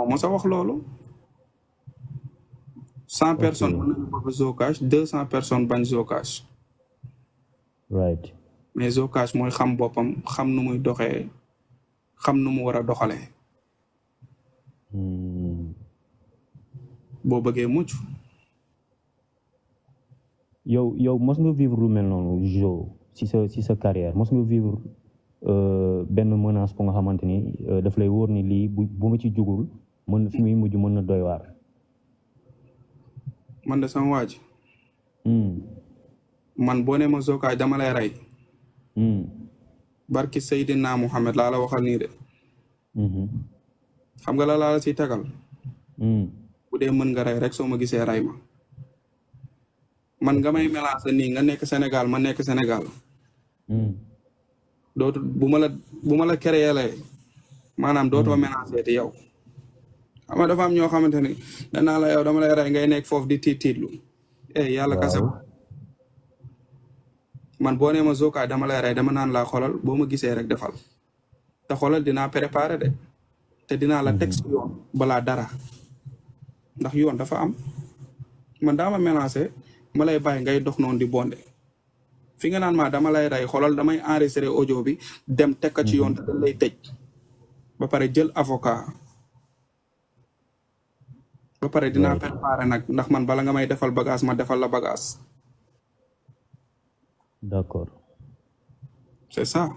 ma mosa wax loolu cent personnes mën nañu cent personnes bañ Zocash right mais Zocash mooy xam boppam xam nu muy doxee xam nu mu war a doxalee hmm. boo bëggee mucc yow yow mos nga vivre lu mel noonu jo ci sa si sa carrière mos nga vivre euh, benn menace bu nga xamante ni euh, daf lay wóor ni lii bu bu ci jugul mën na fi muy mujj mën na doy waar. man de sama waaj. Hmm. man boo nee ma Zoka dama lay rey. Hmm. barki Seydina Mohamed laa la waxal nii de. Hmm. xam nga la laa la si tagal. bu dee mën nga rey rek soo ma gisee rey ma. man nga may mélange nii nga nekk Sénégal ma nekk Sénégal. dootu bu ma la bu ma la créé lay maanaam dootoo mélange te yow. xam nga dafa am ñoo xamante ne danaa la yow dama lay rey ngay nekk foofu di tiit tiitlu eh yàlla kase man boo nee ma Zoka dama lay rey dama naan laa xolal boo ma gisee rek defal te xolal dinaa préparer de te dinaa la teg si mm-hmm. yoon balaa dara ndax yoon dafa am man daa ma mélangé ma lay bàyyi ngay dox noonu di bonde fi nga naan ma dama lay rey xolal damay enregistré audio bi dem teg ci yoon mm-hmm. te dañ lay tëj ba pare jël avocat ba pare dina préparer Nak, ndax man bala nga may defal bagage ma defal la bagage. d'accord c'est ça.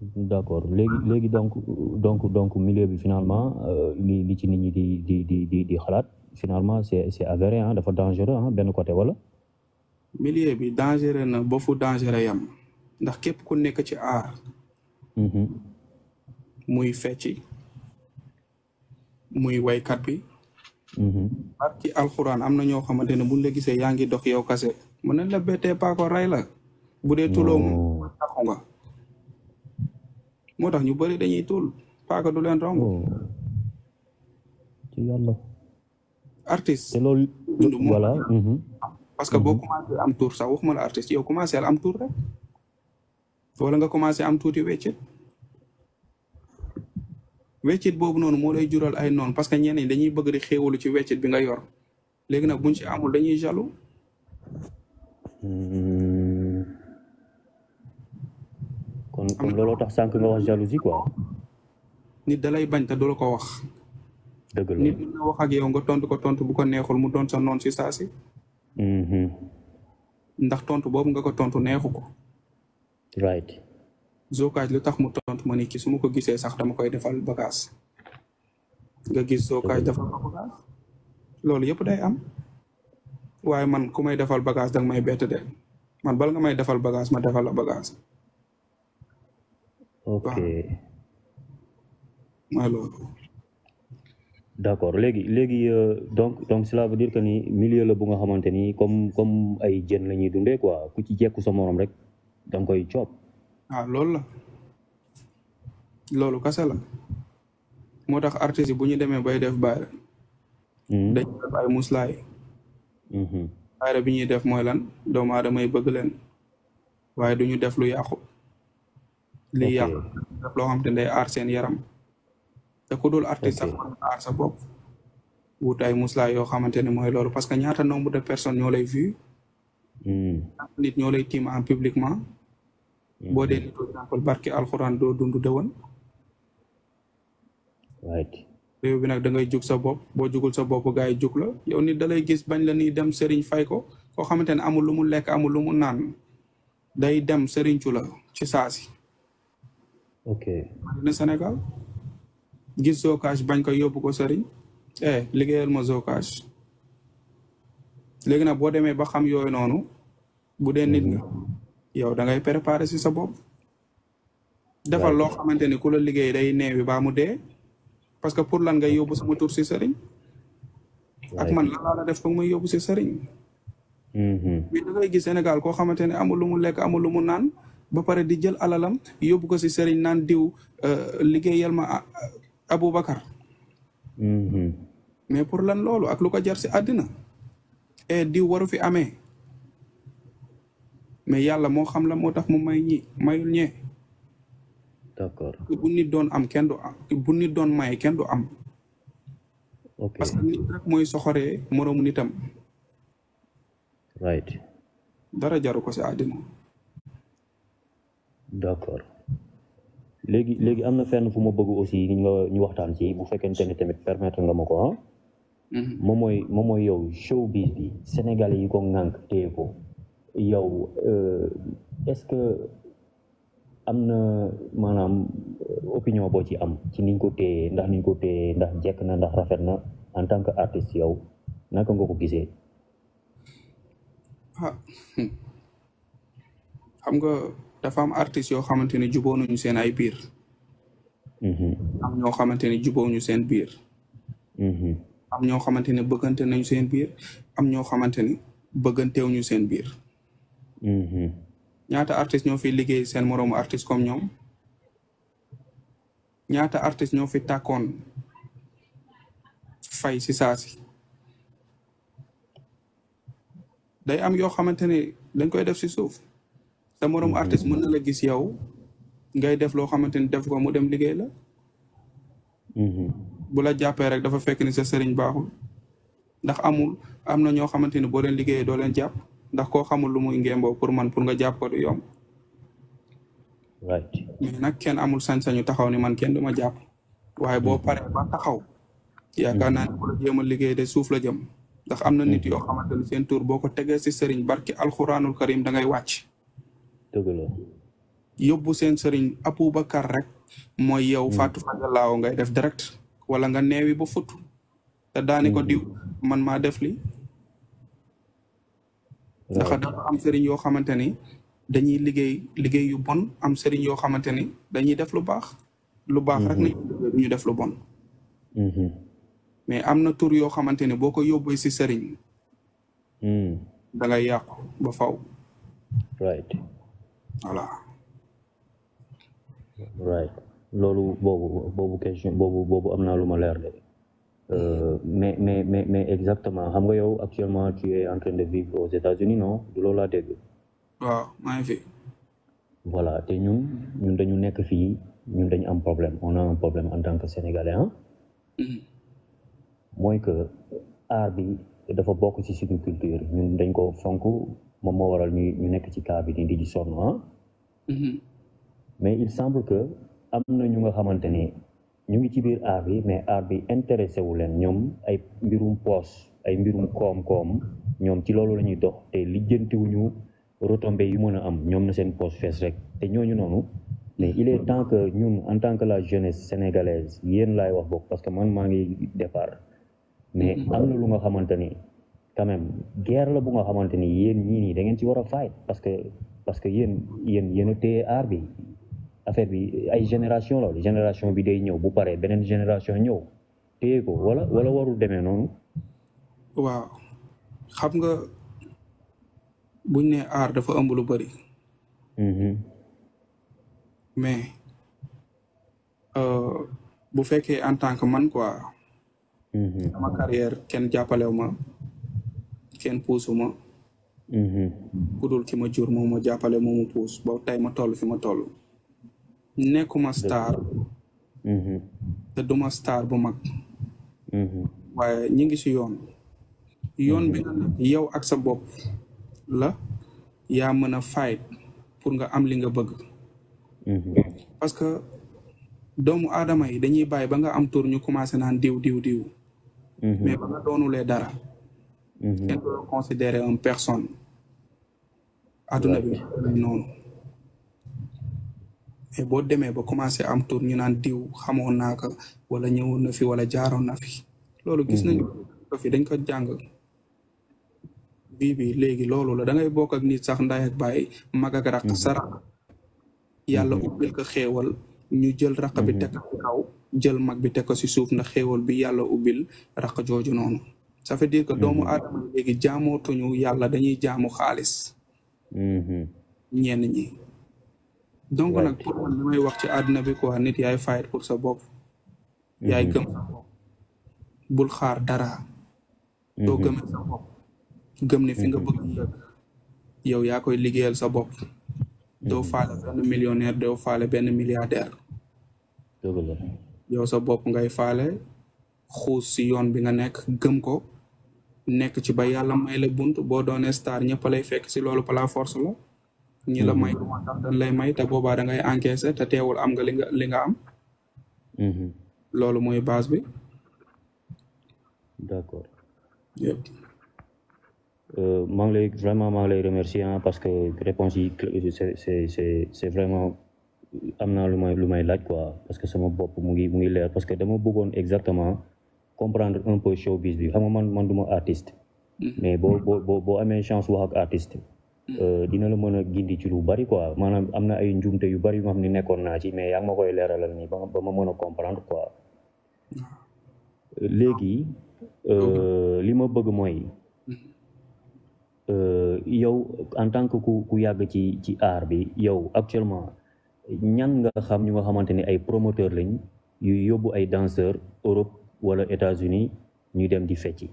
d'accord légui légui donc donc donc milieu bi finalement euh, li li ci nit ñi di di di di di xalat finalement c'est c'est avéré hein dafa dangereux hein ben côté wala. milieu bi dangereux na ba fu dangereux yam ndax képp ku nekk ci hmm muy fecci muy kat bi barki mm-hmm. alquran am na ñoo xamante ne buñ la gisee yaa dox yow kase mu ne la bettee paako rey la bu dee tuloo oh. taxu nga moo ñu bëri dañuy tul paaka du leen romb oh. ci yàlla artiste te loolu voilà mm-hmm. parce que boo mm-hmm. commencé am tour sax waxuma la artiste yow commencé am tour rek wala nga commencé am wéccit bobu non mo lay jural ay non parce que ñenn dañuy bëgg di xéewalu ci wéccit bi nga yor légui nak buñ ci amul dañuy jalo hmm. kon kon lolo tax sank nga wax jalousie quoi nit dalay bañ ta do la ko wax deug la nit mën na wax ak yow nga tontu ko tontu bu ko neexul mu don sa noon si saa hmm, hmm ndax tontu bobu nga ko tontu neexuko right Zo lu tax mu tontu mo ni ki su ko gisee sax dama koy defal bagage nga gis zokaaj defal ko bagage lolou iya yep day am waye man kumay may defal bagage dang may bette de man bal nga may defal bagage ma defal la bagage ok malo loolu d'accord legui léegi donc donc cela veut dire que ni milieu le bu nga xamanteni comme comme ay jeun la dundé quoi ku ci jekku sa morom rek dang koy chop waaw ah, loolu la loolu kese la moo tax artistes yi bu ñu demee bay def bayra hmm. dañuy def ay muslaay hmm. bayra bi ñuy def mooy lan doomu aadama yi bëgg leen waaye du ñu def lu yàqu li yàqu def loo xam te day aar seen yaram te ku dul artiste sax mën sa bopp wut ay muslaay yoo xamante ne mooy loolu parce que ñaata nombre de personnes ñoo lay vu hmm. ñoo lay tiim en publiquement boo dee par exemple barke alxuraan do dund dëwan réew bi nag da ngay jug sa bopp boo jugul sa bopp gars yi jug la yow nit da gis bañ la ni dem hmm. sëriñ fay ko koo xamante ne amul lu mu lekk amul lu mu naan day dem sëriñcu la ci saasi ok na Sénégal gis zocage bañ ko yóbbu ko sëriñ eh liggéeyal ma zocage léegi nag boo demee ba xam yooyu noonu bu dee nit nga yow da ngay préparer ci sa bopp. dafa lo xamanteni ni ku la liggéey day neewi ba mu dé parce que pour lan ngay yobbu sama tour ci sëriñ. ak man la la def ko may yobbu si sëriñ. Mm-hmm. mais da ngay gis Sénégal ko xamanteni amu lu mu lek amu lu mu nan ba paré di jël alalam yobbu ko ci sëriñ nan diw euh, liggéeyal ma hmm mais pour lan lolu ak lu ko jar si adina e eh, diw waru fi amé mais yàlla moo xam la moo tax mu may ñi mayul ñee d'accord bu nit doon am kenn du am bu nit doon may kenn du am parce que nit rek mooy soxoree moroomu nitam right dara jaru ko si àddina d'accord léegi léegi am na fenn fu ma bëgg aussi nga ñu waxtaan ci bu fekkente ne tamit permettre nga ma ko ah mhm. moom mooy moom mooy yow showbiz bi sénégalais yi ko ŋànk téye ko yow euh, est-ce que am na maanaam opinion boo ci am ci niñ ko téye ndax niñ ko téye ndax jekk na ndax rafet na en tant que artiste yow na nga ko gisee. ah hmm. xam nga dafa am artiste yoo xamante ne jubóo nañu seen ay biir. Mm-hmm. am ñoo xamante ne jubóo ñu seen biir. Mm-hmm. am ñoo xamante ne bëggante nañu seen biir am ñoo xamante ne bëgganteewuñu seen biir. Mm-hmm. ñaata artistes ñoo fi liggéey seen moroomu artiste comme ñoom ñaata artistes ñoo fi tàkkoon fay si saasi day am yoo xamante ne dañ koy def si suuf sa moroom mm-hmm. artiste mën na la gis yow ngay def loo xamante ni def ko mu dem liggéey la mm-hmm. bu la jàppee rek dafa fekk ni sa sëriñ baaxul ndax amul am na ñoo xamante ni boo leen liggéeyee doo leen jàpp ndax koo xamul lu muy ngéemboo pour man pour nga jàpp ko du yomb right mais nag amul sañ-sañu taxaw ni man kenn du ma jàpp waaye boo pare ba taxaw yaakaar naa ne ko la jéem a liggéey de suuf la jëm ndax am na nit yoo xamante ni seen tur boo ko tegee si sëriñ barki alxuraanul karim da ngay wàcc dëgg la yóbbu seen sëriñ abubakar rek mooy yow hmm. fàttu fajalaaw ngay def direct wala nga neewi ba futt te daani ko hmm. man maa def li ndax dafa am sëriñ yoo xamante ni dañuy liggéey liggéey yu bon am sëriñ yoo xamante ni dañuy def lu baax lu baax rek ni mhm. ñu def lu bon mhm. mais am na tur yoo xamante ni boo koy yóbbee si sëriñ mhm. da ngay yàqu ba faw right voilà right loolu boobu boobu boobu boobu am naa lu ma leer de Euh, mm-hmm. mais mais mais mais exactement xam nga yow actuellement tu es en train de vivre aux États-Unis non du loolu laa dégg. waaw maa fi. voilà te ñun ñun dañu nekk fii ñun dañu am problème on a problème en tant que sénégalais mm-hmm. mooy que art bi dafa bokk ci suñu culture ñun dañ ko fonk moom moo waral ñu ñu nekk ci cas bi nii di di sonn ah. mais il semble que am na ñu nga xamante ni. ñu ngi ci biir aar bi mais aar bi intéressé wu leen ñoom ay mbirum poos ay mbirum koom-koom ñoom ci loolu la ñuy dox te lijjantiwuñu retombé yu mën a am ñoom na seen poos fees rek te ñooñu noonu mais il est temps que ñun en tant que la jeunesse sénégalaise yéen laay wax bokk parce que man maa ngi départ mais mm-hmm. am na lu nga xamante ni quand même la bu nga xamante ni yéen ñii nii da ngeen ci war a faay parce que parce que yéen yéen yéen a téye art bi affaire bi ay génération la génération bi day ñëw bu paree beneen génération ñëw téye ko wala wala warul demee noonu. waaw xam nga buñ ne aar dafa ëmb lu bari mm-hmm. mais euh, bu fekkee en tant que man quoi. Mm-hmm. sama kenn jàppalew ma kenn puusu ma. Mm-hmm. ku dul ki ma jur moom ma jàppale moom ma puus ba tey ma toll fi ma toll. nekkuma star mm-hmm. te duma star bu mag mm-hmm. waaye ñi ngi si yoon yoon bi nga nekk ak sa bopp la yaa mën a fight pour nga am li nga bëgg mm-hmm. parce que doomu aadama yi dañuy bàyyi ba nga am tur ñu commencé naan diw diw diw mais ba nga doonulee dara kenn du la considérer personne adduna bi noonu mais boo demee ba commencé am tour ñu naan diw xamoon naa ko wala ñëwoon na fi wala jaaroon na fi. loolu gis nañu mm-hmm. ko fi dañ ko jàng. bii bi léegi loolu la dangay ngay bokk ak nit sax ndaay ak bàyyi mag ak raq mm-hmm. sa raq yàlla mm-hmm. ubbil ko xéewal ñu jël raq bi teg ko ci kaw jël mag bi teg ko ci suuf ndax xéewal bi yàlla ubbil raq jooju noonu ça veut dire que doomu aadama léegi jaamootuñu yàlla dañuy jaamu xaalis ñenn ñi donc nag pour wax ci àdduna bi quoi nit yaay fight pour sa bopp. Mhm. yaay gëm sa bopp. bul xaar dara. Mhm. doo gëm sa bopp. gëm ne fi nga bëgg njëkk. Mhm. yow yaa koy liggéeyal sa bopp. doo faale benn millionnaire doo benn milliardaire. yow sa bop ngay faale xuus si yoon bi nga nekk gëm ko. nekk ci ba yàlla may la bunt boo doonee star ñëpp lay fekk si loolu par la force la. ni la may dañ lay may te boobaa da ngay encaissé te teewul am nga li nga li nga am loolu mooy base bi d'accord yep maa ngi lay vraiment maa ngi lay remercier parce que réponse yi c'est c'est c'est vraiment am naa lu may lu may laaj quoi parce que sama bopp mu ngi mu ngi leer parce que dama bëggoon exactement comprendre un peu showbiz bi xam nga man man du ma artiste mais boo boo boo amee chance wax ak artiste Euh, mm. dina la mën a gindi ci lu bari quoi maanaam am na ay njuumte yu bari yu nga xam nekkoon naa ci mais yaa ngi ma koy leeralal nii ba ma mën a comprendre quoi ah. léegi euh, mm-hmm. li ma bëgg mooy mm-hmm. euh, yow en tant que ku ku yàgg ci ci art bi yow actuellement ñan nga xam ñu nga xamante ni ay promoteur lañ yu yóbbu ay danseur Europe wala États-Unis ñu dem di fecci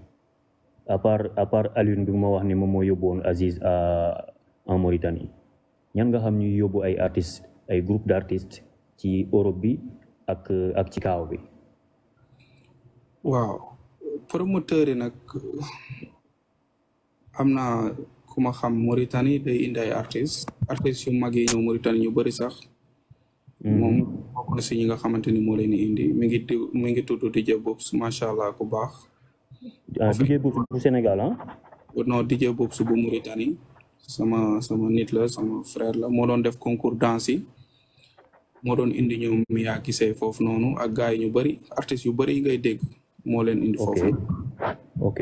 à part à part bi ma wax ni moom moo yóbbu woon Aziz à en ñan nga xam ñuy yóbbu ay artistes ay groupe d' artistes ci Europe bi ak ak ci kaaw bi. waaw promoteur yi nag am na ku ma xam Mauritanie day indi ay artistes artistes yu mag yi ñëw Mauritanie ñu bëri sax. Mm-hmm. moom bokk na nga xamante ni moo leen di indi mi ngi mi ngi tudd DJ Boubs macha allah ku baax. ah DJ Boubs bu Sénégal ah. non DJ Boubs bu Mauritanie sama sama nit la sama frère la moo doon def concours danse yi moo doon indi ñoom yaa gisee foofu noonu ak gars yi ñu bëri artistes yu bëri ngay dégg moo leen indi foofu. ok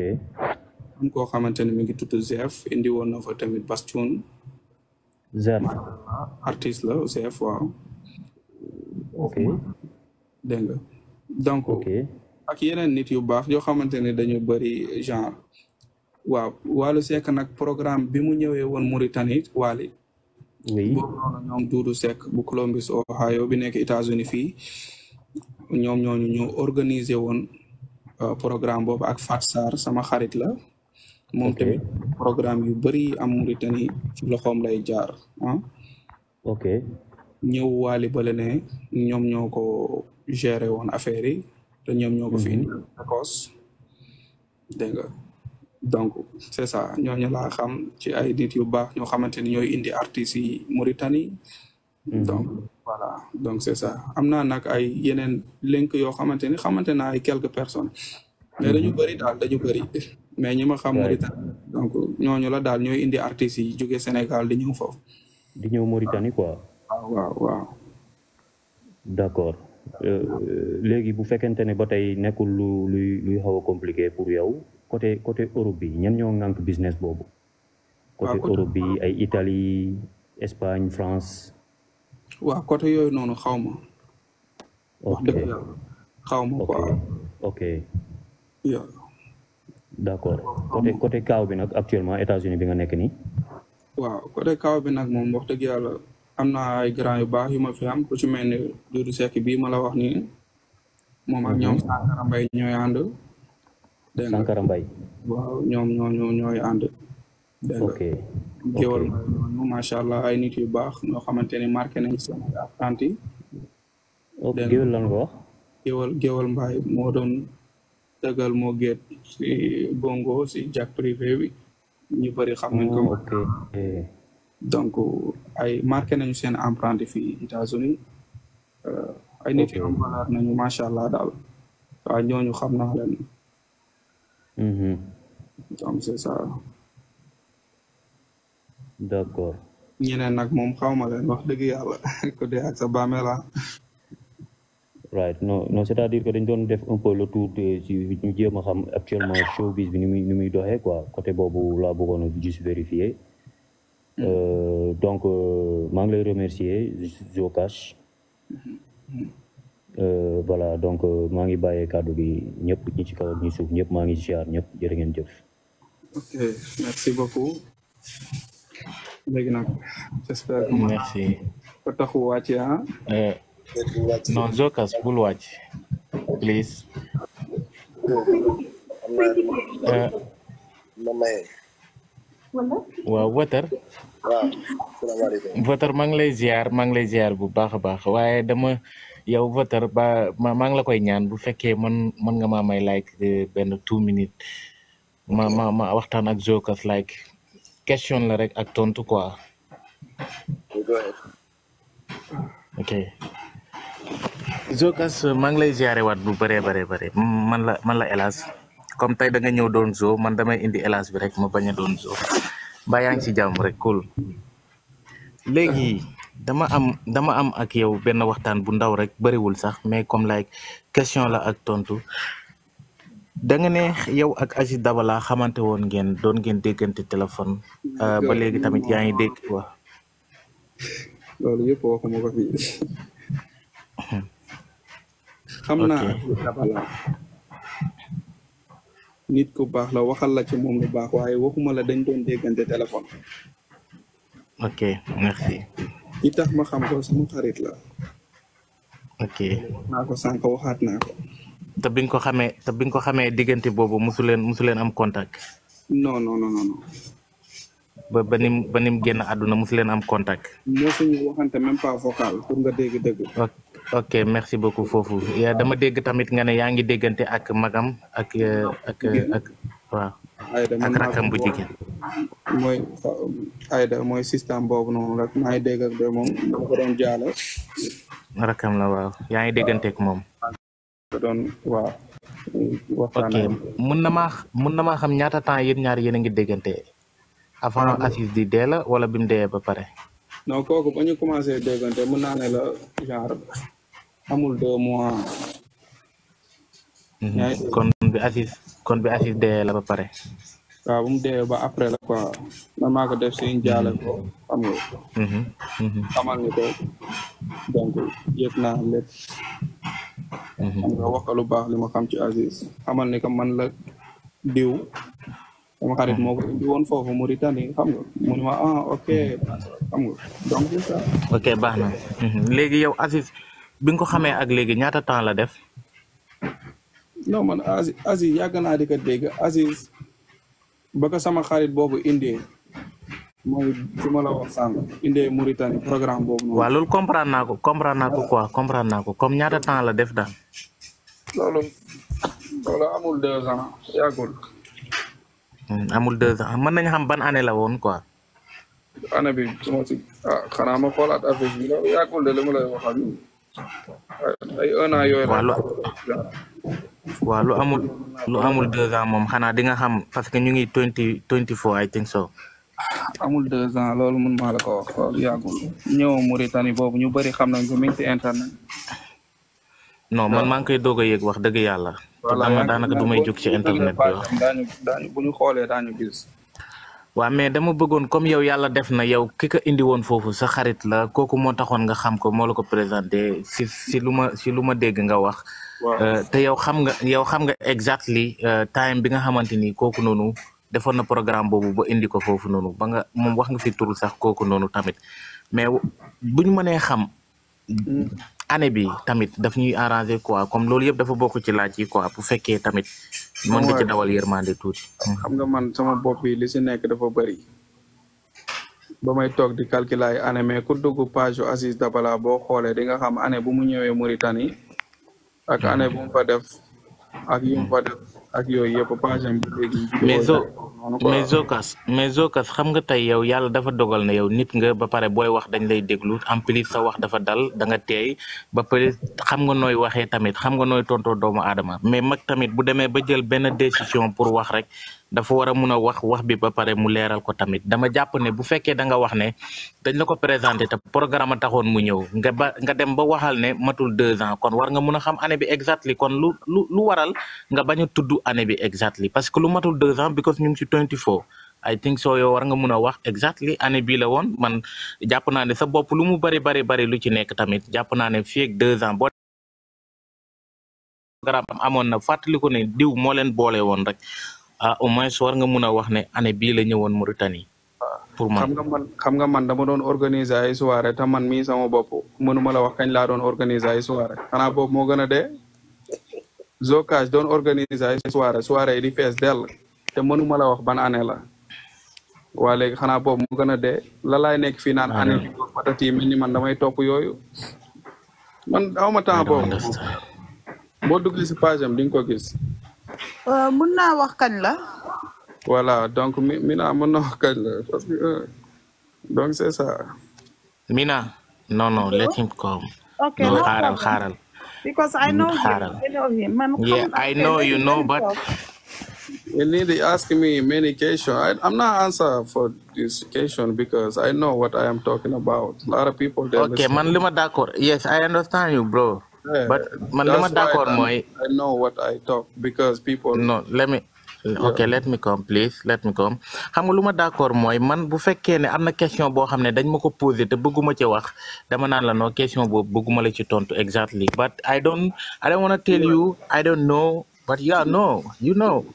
am koo xamante mi ngi tudd Zef indi woon na fa tamit Bastion. Zef artiste la Zef waaw. ok Denga. nga donc ak yeneen nit yu baax yoo xamante ne dañu bëri genre waaw Wally Seck nag programme bi mu ñëwee woon Mauritanie Wally oui ñoom Doudou Seck bu Columbus Ohio bi nekk États-Unis fii ñoom ñooñu ñu organiser woon euh, programme boobu ak Fat sama xarit la moom tamit programme yu bëri am Mauritanie ci loxoom lay jaar ah ok ñëw Wally Balané ñoom ñoo ko géré woon affaire yi te ñoom ñoo ko fi mhm. indi Écosse dégg nga donc c'est ça ñooñu laa xam ci ay nit yu baax ñoo xamante ni ñooy indi artistes yi Mauritanie mhm. donc voilà donc c'est ça am naa nag ay yeneen lenk yoo xamante ni xamante naa ay quelques personnes mais dañu mhm. bëri daal dañu bëri mais ñi ma xam Mauritanie donc ñooñu la daal ñooy indi artistes yi jóge Sénégal di ñëw foofu di ñëw Mauritanie quoi ah, waaw waaw Euh, léegi bu fekkente ne ba tey nekkul lu luy luy xaw a compliqué pour yow côté côté Europe bi ñan ñoo ŋànk business boobu. côté Europe bi ay Italie Espagne France. waaw côté yooyu noonu xaw ma. wax dëgg yàlla xaw ma quoi. ok. d' accord côté côté kaaw bi nag actuellement États-Unis bi nga nekk nii. waaw côté kaaw bi nag moom wax dëgg yàlla. amna ay grand yu bax yu ma fi am ku ci melni ni Doudou Seck bii ma la mhm. ya wax ya ni mom ak ñom Sankara mbay ñoy and dégg Sankara mbay waaw ñom ñoo ñoo ñoy and dégg ok ok géwal ma sha allah ay nit yu bax ñoo xamanteni marqué nañ seen attente ok géwal lan nga wax. géwal géwal mbay mo doon dëggal mo geet ci bongo ci jack privé wi ñu bari xam nañ ko. ok. donc ay marqué nañu seen empreinte fii États-Unis euh, ay nit yu allah daal waaw ñooñu xam naa leen. Mhm. donc c'est ça. d'accord. ñeneen nag moom xawma leen wax dëgg yàlla ko dee ak sa bàmmeela ah. right non non c'est-à-dire que dañ doon def un peu le tour de ci jéem a xam actuellement showbiz bi ni muy ni muy doxee quoi côté boobu laa bëggoon a juste vérifier. Euh, mm-hmm. donc euh, maa ngi lay remercier Zocash mm-hmm. euh, voilà donc maa ngi bàyyee kàddu bi ñëpp ñi ci kaw ak suuf ñëpp maa ngi ziar ñëpp jërë ngeen jëf. ok boku léegi nag j'espère que merci ko taxu wàcc ah? bul wàcc please. ma waaw water, waaw nah, watar mang ngi lay ziar maa ngi lay ziar bu baax a baax waaye dama yow ba ma maa ngi la koy ñaan bu fekkee man mën nga maa may like eh, benn two minute, ma ma ma waxtaan ak Zokas like question la rek ak tontu quoi ok Zokas mang ngi lay ziare waat bu bare bare bare, man la man la hélas comme dengan da nga ñëw doon man damay indi elas bi rek ma donzo. Bayang doon jam ba ci rek cool legi dama am dama am ak yow ben waxtaan bu ndaw rek wul sax mais comme like question la ak tontu da nga ne yow ak Aziz Dabala xamanté won ngeen doon ngeen déggante téléphone euh, ba légui tamit yaangi dégg waaw. loolu yëpp waxuma ko fi. Hmm. xamna Dabala nit ku bax la waxal la ci mom lu bax waye waxuma la dañ doon déggante téléphone. ok merci. li tax ma xam ko sama xarit la. ok. na ko sànq waxat na ko. ta biñ ko xamé ta biñ ko xamé digënté bobu musulen musulen am contact. non non non non. ba banim banim mu ba ni génn am contact. mo suñu waxante même pas vocal pour nga dégg dégg ok merci beaucoup fofu ya dama dégg tamit nga ne yaa ngi déggante ak magam ak ak ak waaw ak rakam bu jigéen mooy ayda mooy système boobu noonu rek maa ngi dégg ak de moom dama ko doon jaale rakam la waaw yaa ngi déggante ak moom doon waaw ok mun na maa mun na maa xam ñaata temps yéen ñaar yéen a ngi déggante avant assise ah, di dee la wala bi mu ba pare non kooku ba ñu commencé déggante mun naa ne la genre amul deux mois. Mhm. kon bi Aziz kon bi la ba pare. waaw bu mu dee ba après la quoi man maa ko def si jaale ko xam nga. Mhm, mhm. xamal nga ko donc yëg naa lépp. xam nga wax lu baax li ma xam ci Aziz xamal ni man la diw. sama xarit moo ko indi woon foofu Mauritanie xam nga mu ah, ok ok baax na léegi yow bi nga ko xamee ak léegi ñaata temps la def. non man Aziz Aziz yàgg na di ko dégg Aziz sama xarit boobu indee mooy la wax sànq indee Mauritanie programme boobu. waaw loolu comprendre ko comprendre naa ko quoi comprendre ko comme ñaata temps la def daal. loolu loolu amul deux ans yàggul. amul deux ans mën nañu xam ban année la woon quoi. année bi si ah xanaa ma xoolaat affaire bi de li ma lay waxal. ay un an yooyu lu amul lu amul deux ans moom xanaa di nga xam parce que ñu ngi twenty twenty four I think so amul deux ans loolu mun maa la ko wax loolu yàggul ñëw Mauritanie boobu ñu bëri xam na ko mi ngi internet non man maa ngi koy doog a yëg wax dëgg yàlla. voilà daanaka du may jóg ci internet bi wax. daañu daañu bu gis. waa mais dama bëggoon comme yow yàlla def na yow ki ko indi woon foofu sa xarit la kooku moo taxoon nga xam ko moo la ko présenté si si lu ma si lu ma dégg nga wax. Euh, te yow xam nga yow xam nga exactly euh, time bi nga xamante ni kooku noonu defoon na programme boobu ba indi ko foofu noonu ba nga moom wax nga fi tur sax kooku noonu tamit mais bu ñu mënee xam. Hmm. année bi tamit daf ñuy arranger quoi comme loolu yëpp dafa bokk ci laaj yi quoi bu fekkee tamit mën nga ci dawal yërmande tuuti. Hmm. xam nga man sama bopp yi li si nekk dafa bëri ba may toog di calculer ay année mais ku dugg page yu Aziz Dabala boo xoolee dinga xam année bu mu ñëwee Mauritanie ak hmm. mu fa ak yu mu fa def ak yooyu yëpp page am bi léegi. mais Zocash mais socas xam nga tey yow yàlla dafa dogal na yow nit nga ba pare booy wax dañ lay déglu en plus sa wax dafa dal da nga teey ba pare xam nga nooy waxee tamit xam nga nooy tontoo doomu aadama mais mag tamit bu demee ba jël benn décision pour wax rek dafa war a mun a wax wax bi ba pare mu leeral ko tamit dama jàpp ne bu fekkee da nga wax ne dañ la ko présenté ta programme taxoon mu ñëw nga ba nga dem ba waxal ne matul deux ans kon war nga mun a xam année bi exactly kon lu lu lu waral nga bañ a tudd année bi exactly parce que lu matul deux ans because ñu ngi ci twenty four I think so yow war nga mun a wax exactly année bii la woon man jàpp naa ne sa bopp lu mu bari bari bari lu ci nekk tamit jàpp naa ne fii ak deux ans boo amoon na fàttali ne diw moo leen boole woon rek ah au moins war nga mëna a wax né ané bi la ñëwon Mauritanie. pour man xam nga man xam nga man dama doon organiser ay soirée ta man mi sama bop mënuma la wax kañ la doon organiser ay soirée xana bop mo gëna dé zokage doon organiser ay soirée soirée di fess del, té mënuma la wax ban ané la wa léegi xana bop mo gëna dé la lay nekk fi naan ané patati mel ni man damay top yoyu man awma temps bop bo dugg ci page am ko gis Euh, Muna naa wax kañ la. voilà donc Mina mun na wax kañ la Don't euh, donc c'est ça. Mina. non non let him come. ok no Haral. because mm, I know him I know him. yeah I know you know but. You need to ask me many questions. I, am not answer for this question because I know what I am talking about. A lot of people. Okay, man, lima d'accord. Yes, I understand you, bro but man, that's why I, I know what I talk because people. No, let me. ok let me come please let me come Hamuluma nga lu ma man bu fekkee ne am na question bo xam ne dañ ma ko posé te bëgguma ci wax dama naan la noo question bo bëgguma la ci tontu exactly but I don't I don't want to tell you I don't know but yeah no you know.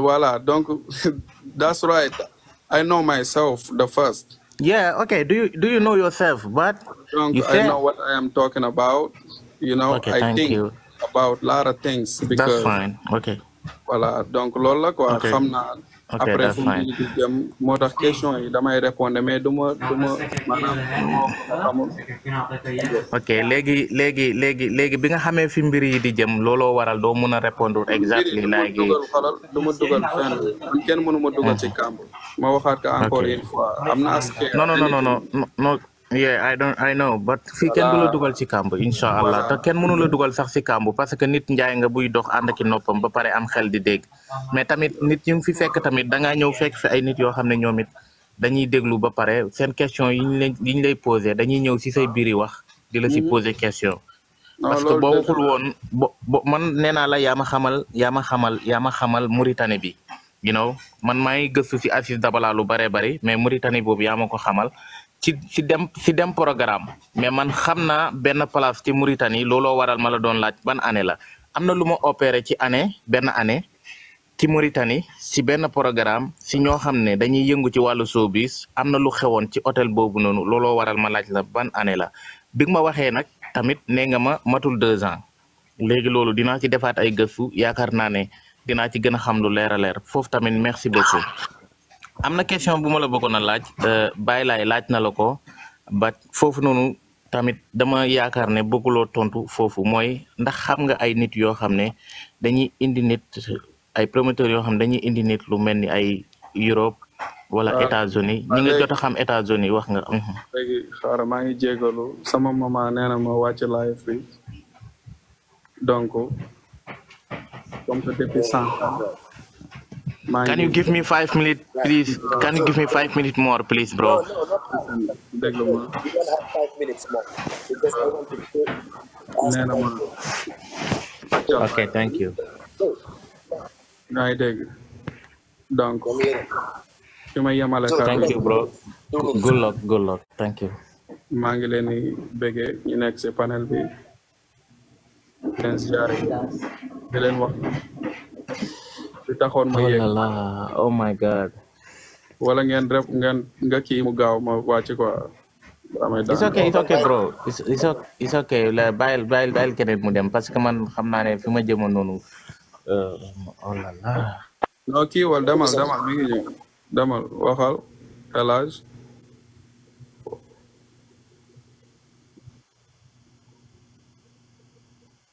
voilà donc that's right I know myself the first. yeah ok do you do you know yourself but. donc I know what I am talking about. you know okay, I think you. about lot of things because voilà donc loolu la quoi xam naa après moo tax question yi damay répondre mais du ma ok léegi léegi léegi léegi bi nga xamee fi mbir yi di jëm looloo waral doo mun a répondre exactly like du ma dugal xolal mënu ma dugal ci am naa non non non non non yeah I don't I know but fii kenn du la dugal ci kàmb incha allah te kenn mënu la dugal sax ci kàmb parce que nit njaay nga buy dox ànd ki noppam ba pare am xel di dégg mais tamit nit ñu ngi fi fekk tamit da ngaa ñëw fekk fi ay nit yoo xam ne ñoom it dañuy déglu ba pare seen question yi ñu lay yi ñu lay posé dañuy ñëw ci say ah. biiri wax di la ci mm-hmm. posé question parce que boo waxul woon bo bo man nee naa la yaa ma xamal yaa ma xamal yaa ma xamal Mauritanie bi you man maa ngi gëstu ci Aziz Dabala lu bare bari mais Mauritanie boobu yaa ma ko xamal ci ci dem ci dem programme mais man xamna ben place ci Mauritanie lolo waral mala don laaj ban année la amna luma opérer ci année ben année ci Mauritanie si ben programme si ño xam dañuy yëngu ci walu showbiz amna lu xewon ci hôtel bobu lolo waral ma laaj la ban année la bi ma tamit né nga ma matul 2 ans légui loolu dina ci defaat ay gëstu yaakaar naa ne ci gëna xam lu fofu tamit merci beaucoup. am na question bu ma la bëggoon a laaj euh, bàyyi laay laaj na la ko ba foofu noonu tamit dama yaakaar ne bëgguloo tontu foofu mooy ndax xam nga ay nit yoo xam ne dañuy indi nit ay promoteurs yoo xam ne dañuy indi nit lu mel ni ay Europe wala ah, États-Unis ah, ñi nga jot a xam États-Unis wax nga. Mhm. léegi xaaral maa ngi sama maman nee na ma wàcc live Can you give me five minutes, please? Can you give me five minutes more, please, bro? No, no, not You have five minutes more. Because I want to Okay, thank you. ka thank you bro good luck good luck thank you maa ni bége panel bi leen siyaare di leen taxoon ma yeeg oh my god wala ngeen def ngeen nga ki mu gaw, ma wàcc quoi it's okay it's okay bro it's it's okay, it's okay. la bail, bail, bail keneen mu dem parce que man xam naa ne fi ma jëmoon noonu eh, oh la la non kii wal damal, demal mi ngi ñëw demal waxal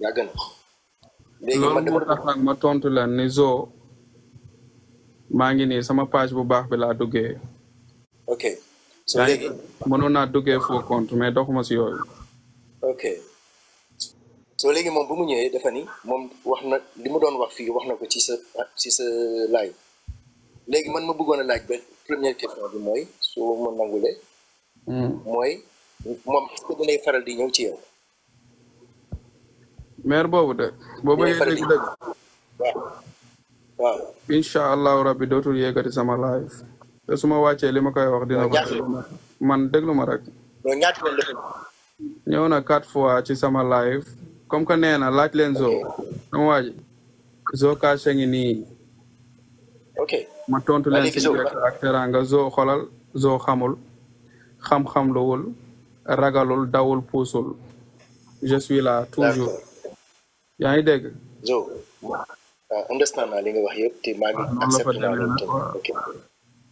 yaa léegi man dama tax nag ma tontu la ni zoo maa ngi nii sama page bu baax bi laa duggee. ok so mënoon naa duggee faux doxuma si yooyu. ok soo léegi moom bu mu ñëwee dafa ni moom wax na li ma doon wax fii wax na ko ci sa ci sa laaj léegi man ma bëggoon a laaj ba première question bi mooy su ma nangulee. Hmm. mooy moom faral di ñëw ci yow. maire boobu de boobu yéen dëgg dëgg waaw incha allahu rabbi dootul yéegati sama live te su ma wàccee li ma koy wax dina man déglu ma rek ñëw na quatre fois ci sama live comme que nee na laaj leen zoo sama waa ji zoo kaase ngi nii ma tontu leen si rek ak teranga xolal zoo xamul xam-xam luwul ragalul dawul puusul je suis là toujours yaa ngi dégg. so understand naa li nga wax yëpp te maa ngi. accepté naa loolu tamit ok.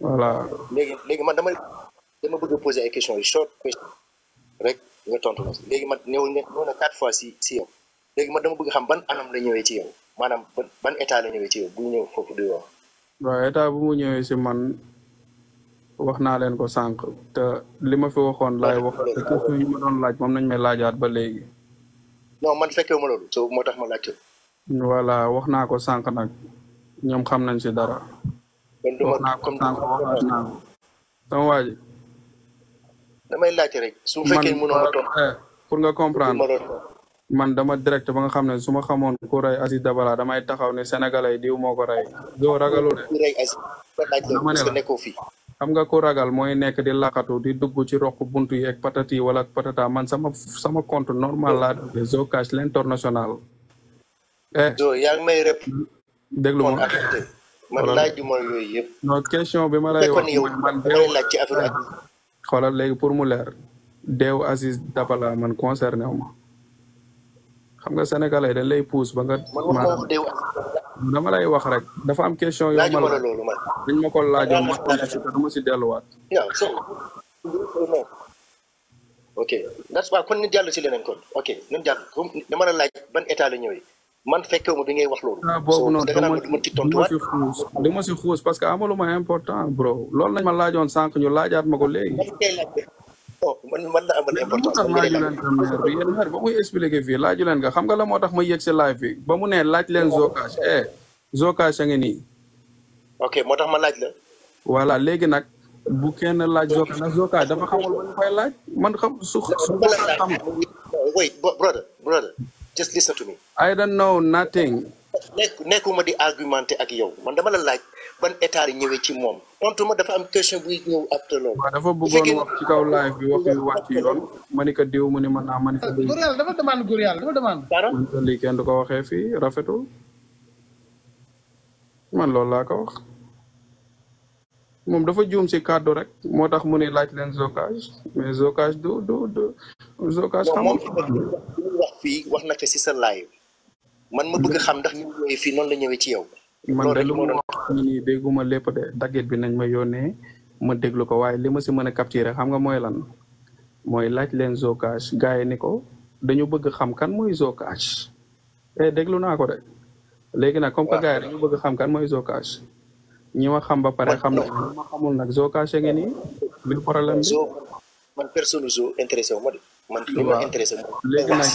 voilà léegi léegi man dama dama bëgg a poser ay questions yu short question rek nga tontu la léegi man néew ne ñëw na quatre fois si si yow léegi man dama bëgg xam ban anam la ñëwee ci yow maanaam ban état la ñëwee ci yow bu ñëw foofu di wax. waaw état bu mu ñëwee si man wax naa leen ko sànq te li ma fi waxoon laay wax te question yi ma doon laaj moom nañ may laajaat ba léegi. non man fekkewuma loolu so moo tax ma laajte voilà wax naa ko sànq nag ñoom xam nañ si dara wax naa ko sànq wax naa ko sama waa rek su fekkee mënuma eh, pour nga comprendre man dama direct ba nga xam ne su ma xamoon ku rey Aziz Dabala damay taxaw ne sénégalais diw moo ko rey doo ragalu de dama xam nga ko ragal mooy nekk di laqatu di dugg ci roq bunt yi ak patati wala patata man sama sama compte normal laa de Zo Cash l'international. eh Zo yaa ngi hmm? no question bi ma lay wax man deew xoolal léegi pour mu leer deew Aziz Dabala man concerné wu xam nga sénégalais lay pousse ba nga. maanaam dama lay wax rek dafa am question yow ma la dañ ma ko laajoon ma dama si delluwaat. ok that's why kon ñu jàll si leneen kon ok ñun jàll dama la laaj ban état la ñëwee man fekke wu bi ngay wax loolu. ah boobu noonu dama si xuus dama si xuus parce que amalu ma important bro loolu na ma laajoon sànq ñu laajaat ma ko léegi. Oh, man man la amal importance. moo tax laaju leen ko maire ba muy expliqué fii laaju leen moo tax ma yegg si live bi ba mu ne laaj leen Zocash eh Zocash a ngi moo tax ma laaj la. voilà léegi nag bu kenn laaj Zocash nag Zocash dafa xamul man koy laaj man xam su su ma la xam. wait brother brother I don't know nothing. nekk nekkuma di argumenté ak yow man dama la laaj. ban état la ñëwee ci moom tontu ma dafa am question buy dafa bëggoon ci kaw live bi wax yu wàcc yoon. ma ni ko diw mu ne mën naa ma ni ko. góor yàlla dafa yàlla dafa demande. dara lii du ko waxee fii rafetul man loolu laa ko wax moom dafa juum si kàddu rek moo tax mu ne laaj leen zocage mais zocage du du du zocage. xamul wax na ko si sa live man ma bëgg xam ndax ñu ñëwee fii noonu la ñëwee ci yow. man de lu mu wax nii dégguma lépp de daggit bi nañ ma yónnee ma déglu ko waaye li ma si mën a capturer xam nga mooy lan mooy laaj leen Zocash gars yi ni ko dañu bëgg xam kan mooy Zocash eh déglu naa ko de léegi nag comme que gars dañu bëgg xam kan mooy Zocash ñi ma xam ba pare xam na ma xamul nag Zocash a ngi nii bi problème a man personne zo ma de man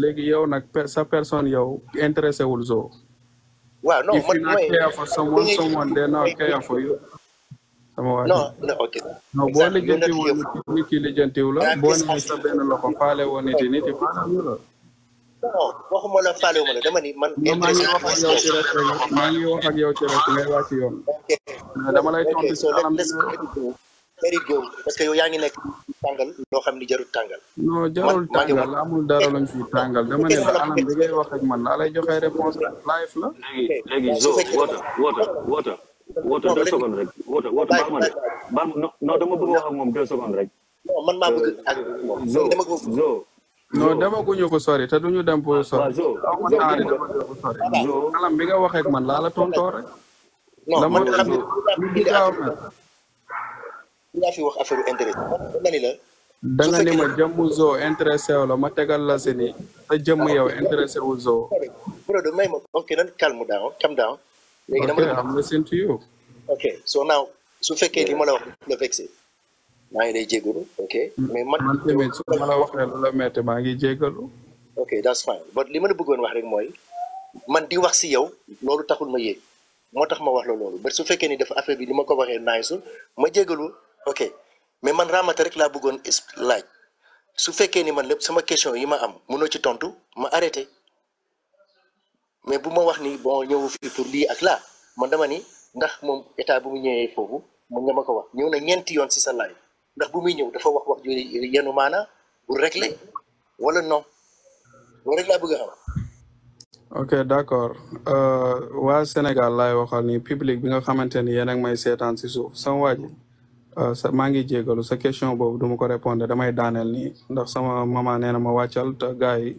léegi yow nag sa personne yow intéressé wul zo Well, no, if you're not care for someone, someone they're not care for you. No, no, ok no boo lijjanti woon nit ki lijjantiw la boo nee sa no, loxo faale woon nit yi nit yi faale No, la non waxuma la faale wu ma la dama ni man maa ngi wax ak yow ci rek maa ngi wax ak yow ci rek ngay wàcc yoon dama lay tontu si anam very go parce que yow yaa ngi nekk tàngal loo xam ni jarul tàngal. non jarul tàngal amul dara lañ fi tàngal dama ne la anam bi wax ak man laa lay joxe réponse la live la. léegi léegi zo woota woota woota woota deux rek woota woota baax ma de baax ma non dama bëgg moom deux secondes rek. man maa bëgg euh, ak moom dama ko zo non ko sori te duñu dem pour sori. waaw waxee man laa la tontoo rek. non man dinaa fi wax affaire intérêt man la. da ma jëmm zoo intéressé wu ma tegal la si nii te jëmm ah, yow intéressé wu zoo. may ma ok nan calm down calm down. léegi dama la am listen to you. ok su fekkee li ma la wax la vexé maa ngi lay jégalu mais man man tamit su ma la waxee lu la metti maa ngi jégalu. ok that's fine but li ma la bëggoon wax rek mooy man di wax si yow loolu taxul ma yéeg moo tax ma wax la loolu ba su fekkee ni dafa affaire bi li ma ko waxee naay su ma jégalu. ok mais man Ramata rek laa bëggoon laaj su fekkee ni man lépp sama question yi ma am mënoo ci tontu ma arrêté mais bu ma wax ni bo ñëw fi pour lii ak laa man dama ni ndax moom état bu mu ñëwee foofu mën nga ma ko wax ñëw na ñeenti yoon si sa laaj ndax bu muy ñëw dafa wax wax ju yenu maana bu régler wala non loolu rek laa bëgg a xam. ok d' accord euh, waa Sénégal laay waxal ni public bi nga xamante ni yéen ak may seetaan si suuf sama waa Euh, sa maa ngi jégalu sa question boobu du ma ko répondre damay daaneel nii ndax sama mama nee na ma wàccal te gars yi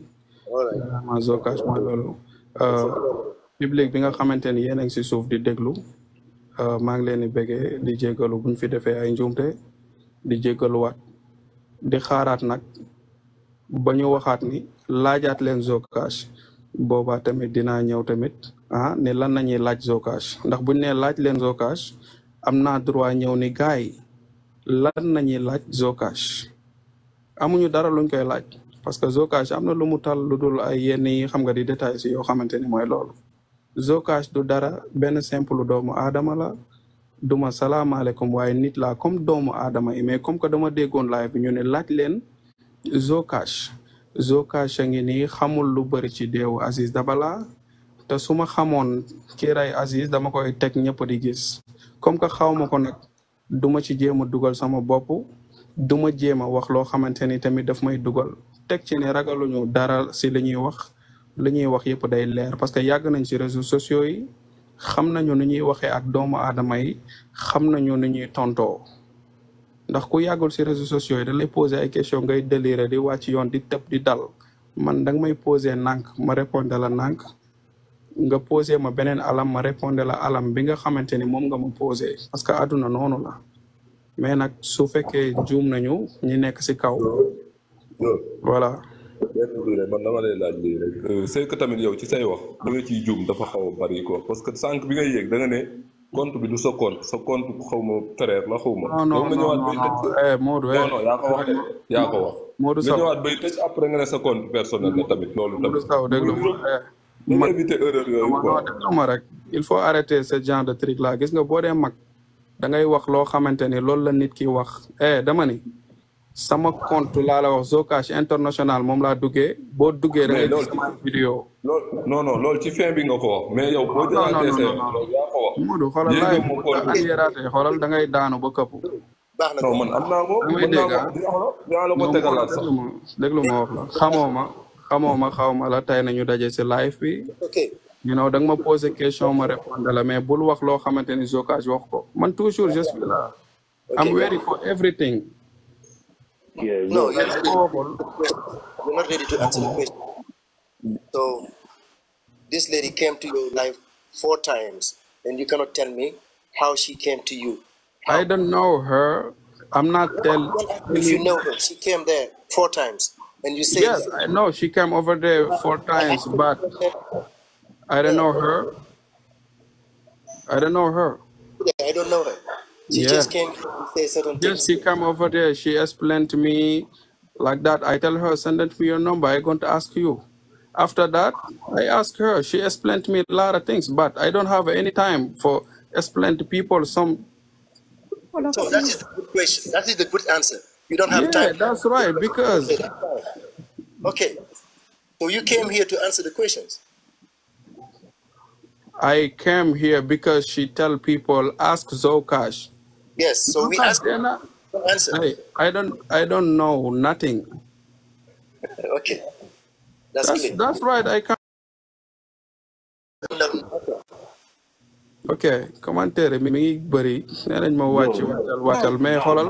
ma zocage mooy loolu euh, public bi nga xamante ni yéen a ngi si suuf di déglu euh, maa ngi leen di béggee di jégalu buñ fi defee ay njuumte di jégaluwaat di xaaraat nag ba waxaat ni laajaat leen zocage boobaa tamit dinaa ñëw tamit ah ne lan nañuy laaj zocage ndax buñ ne laaj leen zocage am naa droit ñëw ni gars lan nañuy laaj Zocash amuñu dara luñ koy laaj parce que Zocash am na lu mu tal lu dul ay yenn yi xam nga di détail si yoo xamante ni mooy loolu Zocash du dara benn simple doomu aadama la duma salaamaaleykum waaye nit laa comme doomu aadama yi mais comme que dama déggoon laay bi ñu ne laaj leen Zocash Zocash a ngi nii xamul lu bëri ci deewu Aziz Dabala te su ma xamoon kii ray dama koy teg ñëpp di gis comme que xaw ma ko nag du ma ci jéem a dugal sama bopp du ma jéem a wax loo xamante ni tamit daf may dugal teg ci ne ragaluñu dara si li ñuy wax li ñuy wax yëpp day leer parce que yàgg nañ si réseaux sociaux yi xam nañu nu ñuy waxee ak doomu aadama yi xam nañu nu ñuy tontoo ndax ku yàggul si réseaux sociaux yi da lay posé ay question ngay délire di wàcc yoon di tëb di dal man dang may posé nànk ma répondre la nànk nga poser ma benen alam ma répondre la alam bi nga xamanteni mom nga ma poser parce que aduna nonu la mais nak su fekke juum nañu ñi nekk ci kaw voilà man dama lay laaj lii rek euh, c'est que tamit yow ci say wax da nga ciy juum dafa xaw bari ko parce que sank bi nga yegg da nga ne compte bi du sa compte sa compte ko ma tereer la xaw non non non non bay tëj eh, Modou eh. non non ya ko wax de yaa ko wax nga ñëwaat bay tëj après nga ne sa compte personnel la tamit loolu tamit ma éviter rek il faut arrêter ce genre de truc là gis nga boo dee mag da ngay wax loo xamante ni loolu la nit ki wax eh dama ni sama compte laa la international moom laa duggee boo duggee da ngay gis sama vidéo ci bi nga ko mais yow boo jëlaatee sa loolu yaa ko wax Modou xoolal da ngay daanu ba këpp baax na ah. ma wax la nañu daje live bi. ok ma question ma répondre la mais bul wax wax ko man toujours je suis là. I'm ready for everything. Yeah, no, you're not, ready, you're not ready to answer the question. So, this lady came to your life four times, and you cannot tell me how she came to you. How? I don't know her. I'm not telling. if you know her, she came there four times and you say yes i know she came over there four times but i don't know her i don't know her yeah, i don't know her she yeah. just came and say certain yes she came over there she explained to me like that i tell her send it me your number i'm going to ask you after that i asked her she explained to me a lot of things but i don't have any time for explain to people some so that is the good question that is the good answer you don't have yeah, time. That's right, because. Okay. okay. So you came here to answer the questions. I came here because she tell people ask Zokash. Yes, so we ask not, answer. I, I don't I don't know nothing. okay. That's that's, that's, right. I can't. Okay, commentaire mi ngi bëri nee nañ ma wàcc wàccal wàccal mais xoolal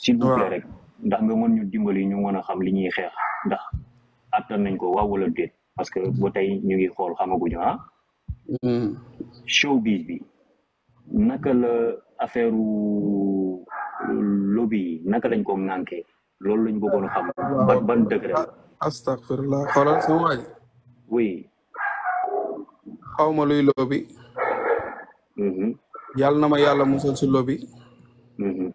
si vous plaît rek ndax nga mën ñu dimbali ñu mën a xam li ñuy xeex ndax attan nañ ko waaw wala déet parce que ba tey ñu ngi xool xamaguñu ah. Hmm. showbiz bi naka la affaire euh, lobby yi naka lañ ko ŋànkee loolu lañ bëggoon xam. ban ban degré la. astafurlah xoolal xaw ma luy lobby. Mm-hmm. yàlla na ma yàlla musal si lobby. Mm-hmm.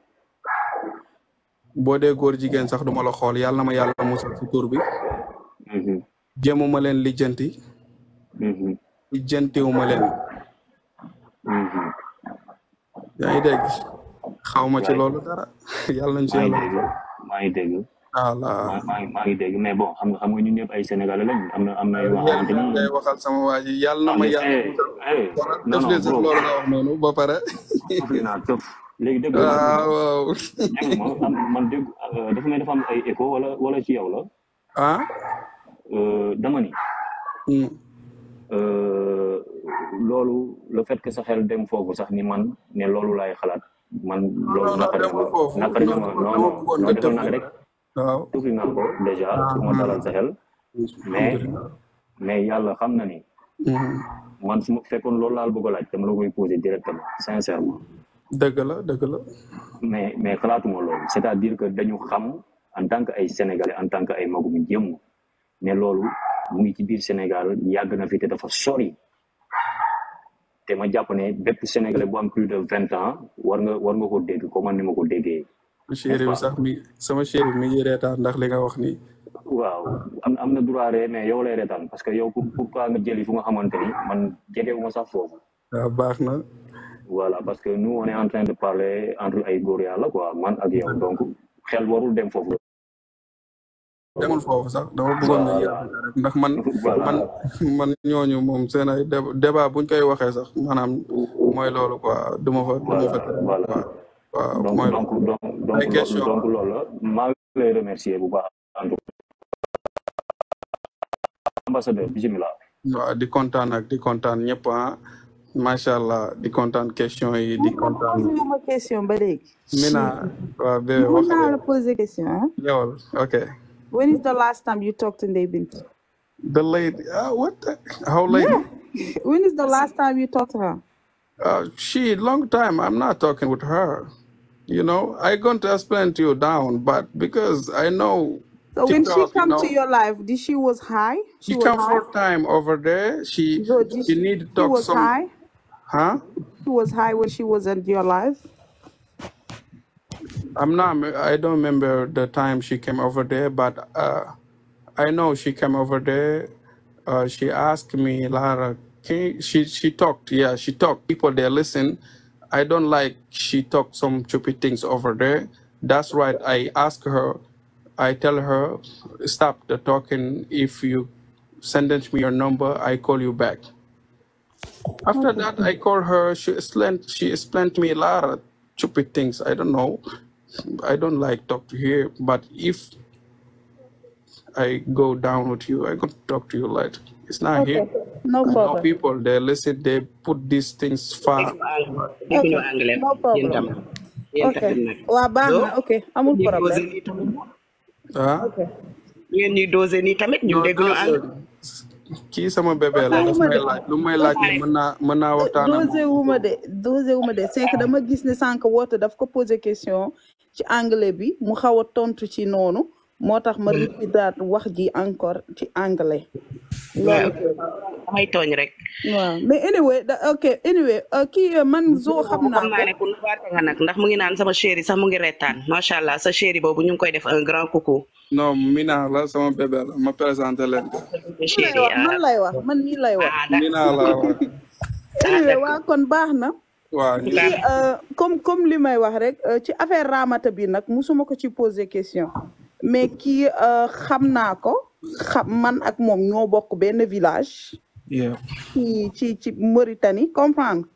boo dee góor jigéen sax duma la xool yàlla ma yàlla musal ci tur bi mm-hmm. jéemuma leen lijjanti mm-hmm. lijjantiwuma leen mm-hmm. yaa ngi dégg xaw ma ci loolu dara yàlla nañ ci yàlla maa ngi dégg voilà maa dégg mais bon xam nga xam nga ñun ñëpp ay sénégalais lañ am na am waxal sama waa ji yàlla na ma yàlla eh, eh, def leen ba pare léegi dégg ah, waaw dégg ma man dégg euh, dafa mel dafa am ay écho wala wala ci yow la. ah. Euh, dama ni. Hmm. Euh, loolu le fait que saxel dem foofu sax ni man ne loolu laay xalaat man. loolu naka la naka la ma non non rek. waaw tuuti naa ko déjà su ah. ma dalal sa mais mais yàlla xam na ni. Hmm. man su ma fekkoon loolu laal bëgg a laaj dama la koy posé directement sincèrement. dëgg la dëgg la. mais mais xalaatuma loolu c'est-à-dire que dañu xam en tant que ay sénégalais en tant que ay magum jëm ne loolu mu ngi ci biir Sénégal yàgg na fi te dafa sori te ma jàpp ne bépp sénégalais boo am plus de vingt ans war nga war nga ko dégg comme ni ma ko déggee. chéri sax mi sama chéri mi ngi reetaan ndax li nga wax ni waaw am am na droit ree mais yow lay reetaan parce que yow pour pourquoi nga jëli fu nga xamante ni man jegewuma sax foofu. waaw ah, baax na. voilà parce que nous on est en train de parler entre ay góor yàlla quoi man ak yow donc xel warul dem foofu. demul foofu sax dama bëggoon na ndax man man ñooñu moom seen ay buñ koy waxee sax maanaam mooy loolu quoi duma fa duma fa voilà waaw mooy donc remercier bu baax en tout cas ambassadeur bisimilah waaw di kontaan ak di kontaan ñëpp ah. macha allah di kontaan question yi di kontaan. ma question ba léegi. Mina waaw bee wax. mën naa la poser question ah. jawal ok. when is the last time you talked to Ndeye the lady. ah what the how late. Yeah. when is the last time you talked to her. Uh, she long time I'm not talking with her. You know I going to explain to you down but because I know. So when she come you know, to your life, did she was high? She, she was come high? full time over there. She so she, she need to talk some. High? Huh? She was high when she was in your life? I'm not, I don't remember the time she came over there, but uh, I know she came over there. Uh, she asked me, Lara, can she, she talked, yeah, she talked. People there listen. I don't like she talked some stupid things over there. That's right. I ask her, I tell her, stop the talking. If you send me your number, I call you back. After oh, that, I call her. She explained, she explained me a lot of stupid things. I don't know. I don't like talk to her. But if I go down with you, I go talk to you later. It's not okay. here. No I problem. people, they listen, they put these things far. Okay. No problem. Okay. Wabana, okay. No problem. Okay. Okay. Ngeen ñuy dosé nii tamit ñu déglu anglais. kii sama bébé la lu may laaj ni mën naa mën naa waxtaan dosé wu de dosé wu ma de c'est dama gis ne sànq woote daf ko posé question ci anglais bi mu xaw a tontu ci noonu moo tax ma daat mm. wax ji encore ci anglais. waaw damay tooñ rek. mais anyway euh, kii euh, man zoo xam naa. ndax mu ngi naan sama chéri sax mu ngi macha allah sa chéri boobu ñu ngi koy def un grand coucou. non Mina la la ma ah. lay wax man mii lay wax. Ah, waa ah, kon baax na. waaw euh, comme comme li may wax rek ci affaire raamata bi nag musuma ko ci poser question. mais kii euh, xam naa ko xam man ak moom ñoo bokk benn village. ci ci ci Mauritanie comprendre.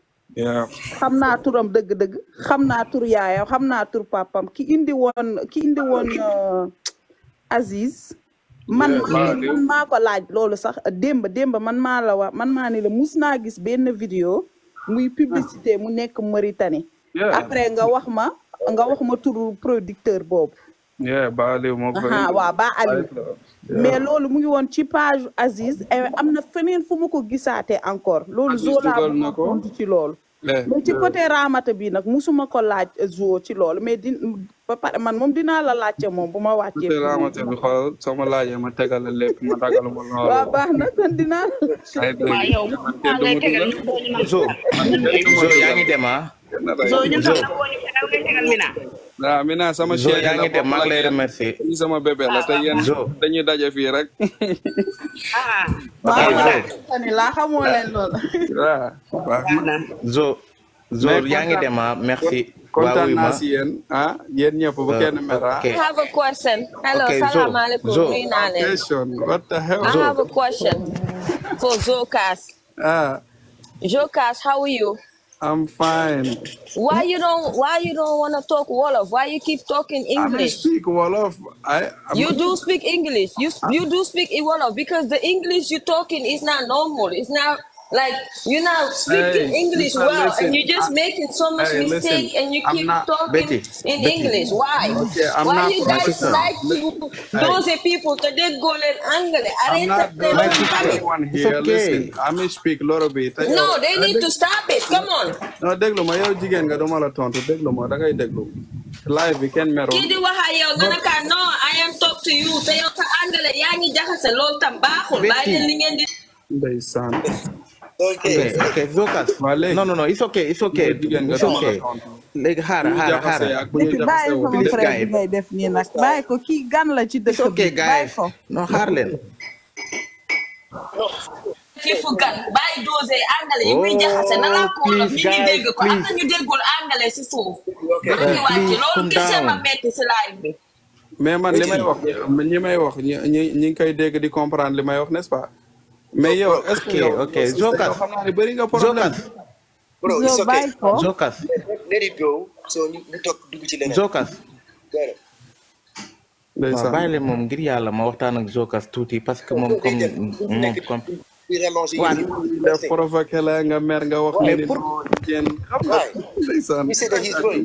xam naa turam dëgg-dëgg. xam naa tur yaayam xam naa tur papam ki indi woon ki indi woon euh, Aziz. man man ko laaj loolu sax démb démb man maa la wax man maa ne la mus naa gis benn vidéo muy publicité mu nekk Mauritanie. après nga wax ma nga wax ma turu producteur boobu. Ba Aliou moo Ba Aliou mais loolu mu ngi woon ci page Aziz mm. eh, am na feneen fu mu ko gisaatee encore loolu Zola moo ko ci loolu mais ci côté Ramata bi nag musuma ko laaj zoo ci loolu mais di ba pare man moom dinaa la laajte moom bu ma wàccee. ramate bi xool soo ma ma tegal la lépp ma ragal ma lool. waaw baax na kon yow zo zo yaa ngi dem ah. zo zo waaw Mina sama. zo yaa dem maa lay remercier. sama bébé la te yéen dañuy rek. ah. waaw waaw xamoo leen lool. zo. Zor yaa ngi dem ah merci. kontaan naa si yéen ah yéen ñëpp bu kenn euh, mer ah. I have a question. hello Okay. salaamaaleykum nuyu naa Question. what the hell. I have a question for Zokas. ah. Zokas, how are you. I'm fine. Why you don't why you don't want to talk Wolof? Why you keep talking English? I speak Wolof. I I'm You do speak English. You I'm, ah. you do speak Wolof because the English you talking is not normal. It's not like you're now speaking hey, English well, listen, and you just I, making so much hey, mistake, listen, and you keep not, talking Betty, in Betty. English. Why? Okay, Why not, you guys like to those hey. people today go and angle? I'm not like anyone here. Okay. Listen, I may speak a little bit. No, they need to stop it. Come on. No, deglo ma yow jigen nga dama la tontu deglo ma da ngay deglo live bi kenn meroon. kii di wax ak yow gën I am talk to you te yow sa angale yaa ngi jaxase loolu tam baaxul. bàyyi leen li ok ok Zocash. non non non it's ok it's ok xaaral xaaral xaaral. def nii nag bàyyi ko kii gan la ci dëkk bi bàyyi ko. non xaar leen. kii fu gan bàyyi dose angale yi muy jaxase na laa ko wolof ñu ngi ko angale si suuf. wàcc loolu gisee ma metti si laay bi. mais man li may wax ñi may wax ñi ñi koy dégg di comprendre li may wax n'est-ce pas. mais yow ok Jokas xam bëri nga problème. Jokas bàyyi Jokas. Jokas. waaw bàyyi leen moom ngir yàlla ma waxtaan ak Jokas tuuti parce que moom comme def provoqué la nga mer nga wax. mais pour xam nga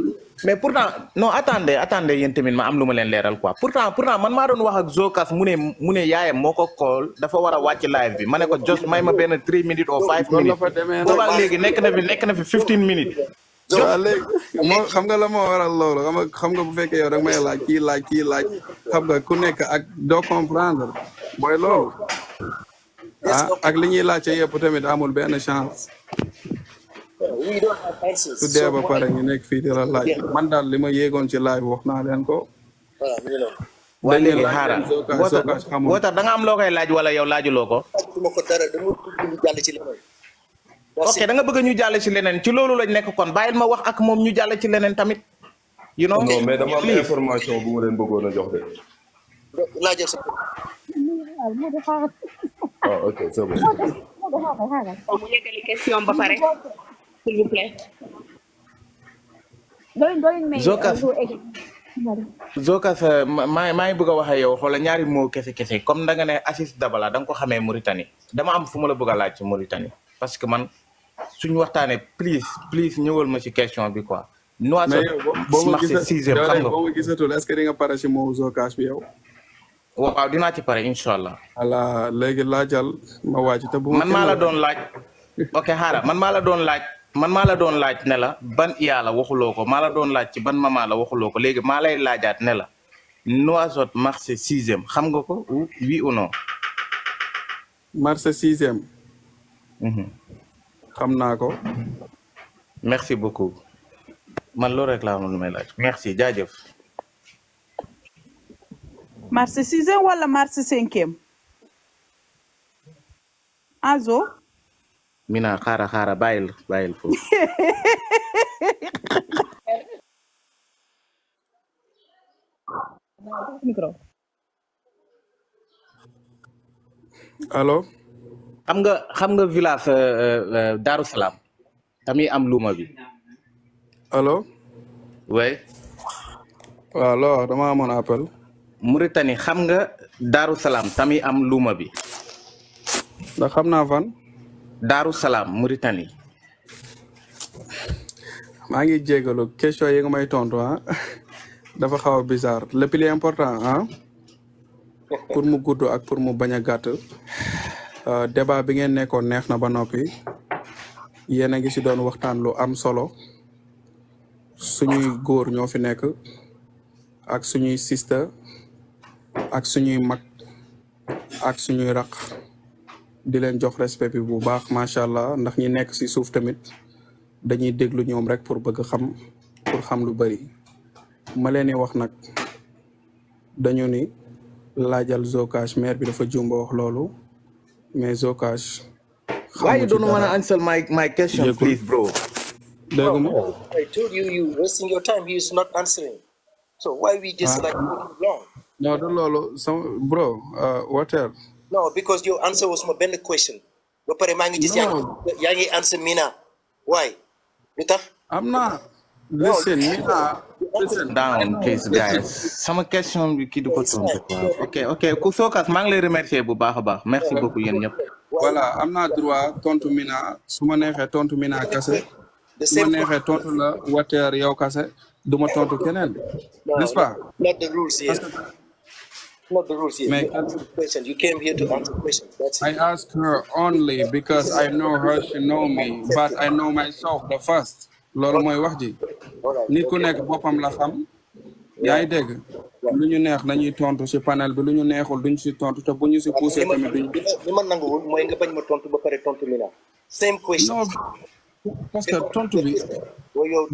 mais pourtant non attendez attendez yéen tamit ma am lu ma leen leeral quoi pourtant pourtant man maa doon wax ak Zocash mu ne mu ne yaayam moo ko kool dafa wara a wàcc live bi ma ne ko just may ma benn 3 minutes or 5 minutes. boobaa léegi nekk na fi nekk na fi 15 minutes. waaw léegi moo xam nga la moo waral loolu xam nga xam nga bu fekkee yow danga laaj kii laaj kii laaj xam nga ku nekk ak doo comprendre mooy loolu. ak li ñuy laajte yëpp tamit amul benn chance. su dee ba pare ñu nekk fii di la laaj man daal li ma yéegoon ci laaj e wax naa leen ko. waa léegi xaaral boo tax da nga am loo koy laaj wala yow laajuloo ko. ok da nga bëgg ñu jàll ci leneen ci loolu lañ nekk kon bàyyil ma wax ak moom ñu jàll ci leneen tamit. you know non mais dama am information bu ma leen bëggoon a jox de. waaw ah, ok c'est bon. mu yeggali question ba pare s'il vous plaît. xoola ñaari moo kese kese comme da nga ne Aziz Dabala da nga ko xamee Mauritanie dama am fu ma la bëgg a laaj ci Mauritanie parce que man suñu waxtaanee please please ñëwal ma ci question bi quoi. mais yow boo ma gisatul est-ce que di nga pare ci moo Zocash bi yow. waaw dinaa ci pare incha allah. voilà léegi laajal ma waaj te bu man maa la doon laaj. ok xaaral man maa la doon laaj. man maa la doon laaj ne la ban yàlla waxuloo ko maa la doon laaj ci ban maman la waxuloo ko léegi maa lay laajaat ne la. Nouakchott marché sixième xam nga ko oui ou non. marché sixième. Mhm. xam naa ko. merci beaucoup. man loolu rek laa may laaj merci jaajëf. marché sixième wala marché cinquième azo mina xaara xaara bàyyil bàyyil foofu allo xam nga xam nga village euh, euh, Darou Salaam tamit am luma bi allo oui waaw alors dama amoon appel Mauritanie xam nga Darou Salam tamit am luma bi. da xamna fan. Darou Salam Mauritanie. ma ngi djegalou question yi nga may tonto ah dafa xaw bizarre le plus important ah pour mu goudou ak pour mu baña gatt euh débat bi ngeen nekkone neex na ba nopi yena ngi si doon waxtan lu am solo suñuy góor ñoo fi nekk ak suñuy sister ak suñuy mag ak suñuy raq di leen jox respect bi bu baax macha allah ndax ñi nekk ci suuf tamit dañuy déglu ñoom rek pour bëgg xam pour xam lu bari ma leen di wax nag dañu ni laajal Zocash maire bi dafa jumba wax loolu mais Zocash. Why you don't want to answer my, my question, yeah, please, bro? No, no. I told you, you wasting your time. He is not answering. So why we just uh ah. -huh. like long? No, du loolu sama bro uh, water. No, because your answer was suma better question. ba pare maa ngi gis yaa ngi answer Mina. why lu tax. am na. listen Mina. listen down please guys Some question we kii du ko tontu ok ok Kusokas sookas maa ngi lay remercier bu baax a baax merci beaucoup yéen ñëpp. voilà am not droit tontu Mina su ma neexee Mina kase. su ma neexee la water yao kase du ma tontu keneen n'est-ce pas not the rules here. you answer You came here to answer questions. That's I ask her only because I know her, she know me, but I know myself the first. loolu mooy wax ji nit ku la xam yaa ngi dégg neex nañuy tontu si panel bi lu neexul duñ si tontu te tamit duñ. nga bañ ma tontu ba pare tontu mi same question. parce que tontu bi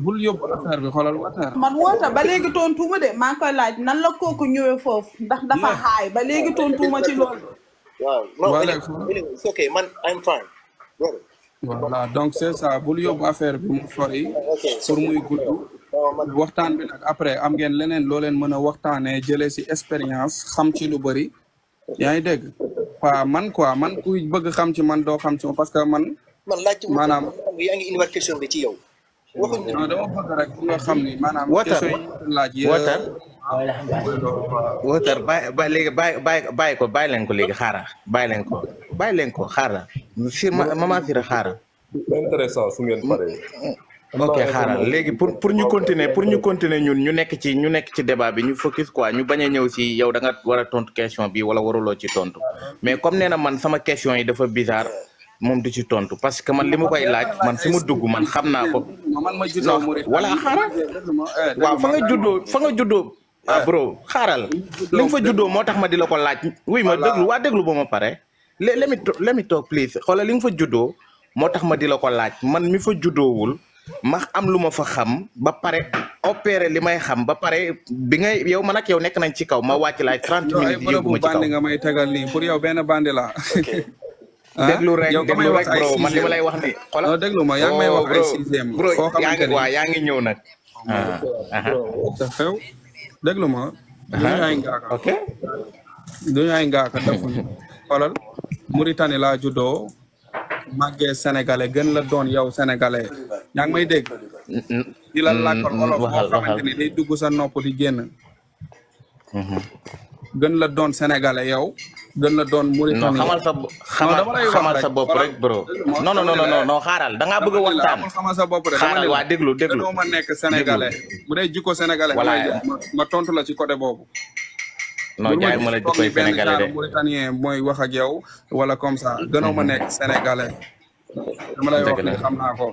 bul yóbbu affaire bi xoolal water man woota ba léegi tontuma de maa ngi nan la kooku ñëwee foofu ndax dafa xaay ba léegi tontuma ci loolu donc c'est ça bul yóbbu affaire bi mu sori pour muy gudd waxtaan bi nag après am ngeen leneen loo leen mën a waxtaanee jëlee si expérience xam ci lu bëri yaa ngi dégg waaw man kuy bëgg xam ci man doo xam ci ma parce que man man laajte wu. maanaam yaa ngi indiwaat question bi ci yow. waxuñ non dama bëgg rek xam ni maanaam. wootar wootar. wootar bàyyi ba léegi bàyyi bàyyi ko bàyyi leen ko léegi xaaral bàyyi leen ko bàyyi leen ko xaaral. si maman Sira xaaral. intéressant su ngeen paree. ok xaaral léegi pour pour ñu continuer pour ñu continuer ñun ñu nekk ci ñu nekk ci débat bi ñu focus quoi ñu bañ a ñëw si yow danga nga war a tontu question bi wala waruloo ci tontu mais comme nee na man sama question yi dafa bizarre. mom du ci tontu parce que man limu koy laaj man fimu ma dugg man xam naa ko. non wala xara wa fa nga juddo fa nga juddo ah eh. bro xaral lim fa juddo motax ma di ko laaj. wuy ma deglu wa deglu ba ma pare. let me let me talk please xola lim fa juddo motax ma di ko laaj man mi fa juddo wul ma am luma fa xam ba pare opéré limay xam ba paré bi nga yow man ak yow nek nañ ci kaw ma wacc lay 30 minutes yóbbu ma ci kaw. nga may tegal lii pour yow ben bandi la déglu rek déglu rek bro man li lay wax ni xoolal déglu ma yaa may wax ay sixième bro yaa ngi waa yaa ngi ñëw nag xew déglu ma duñu ay ngaaka ok duñu ay ngaaka defuñu xoolal Mauritanie laa juddoo màggee sénégalais gën la doon yow sénégalais may di la làkkal olof boo xamante day dugg sa nopp di gën la doon sénégalais yow gën na doon Mauritanie non xamal sa xamal sa bopp rek bro non non non non non xaaral da ngaa bëgg a waxtaan xamal sa bopp rek xaaral waa déglu déglu dama ma nekk sénégalais bu dee jikko sénégalais voilà ma tontu la ci côté boobu non jaay ma la jikkoy sénégalais de mauritanien mooy wax ak yow wala comme ça gënoo ma nekk sénégalais dama lay wax xam naa ko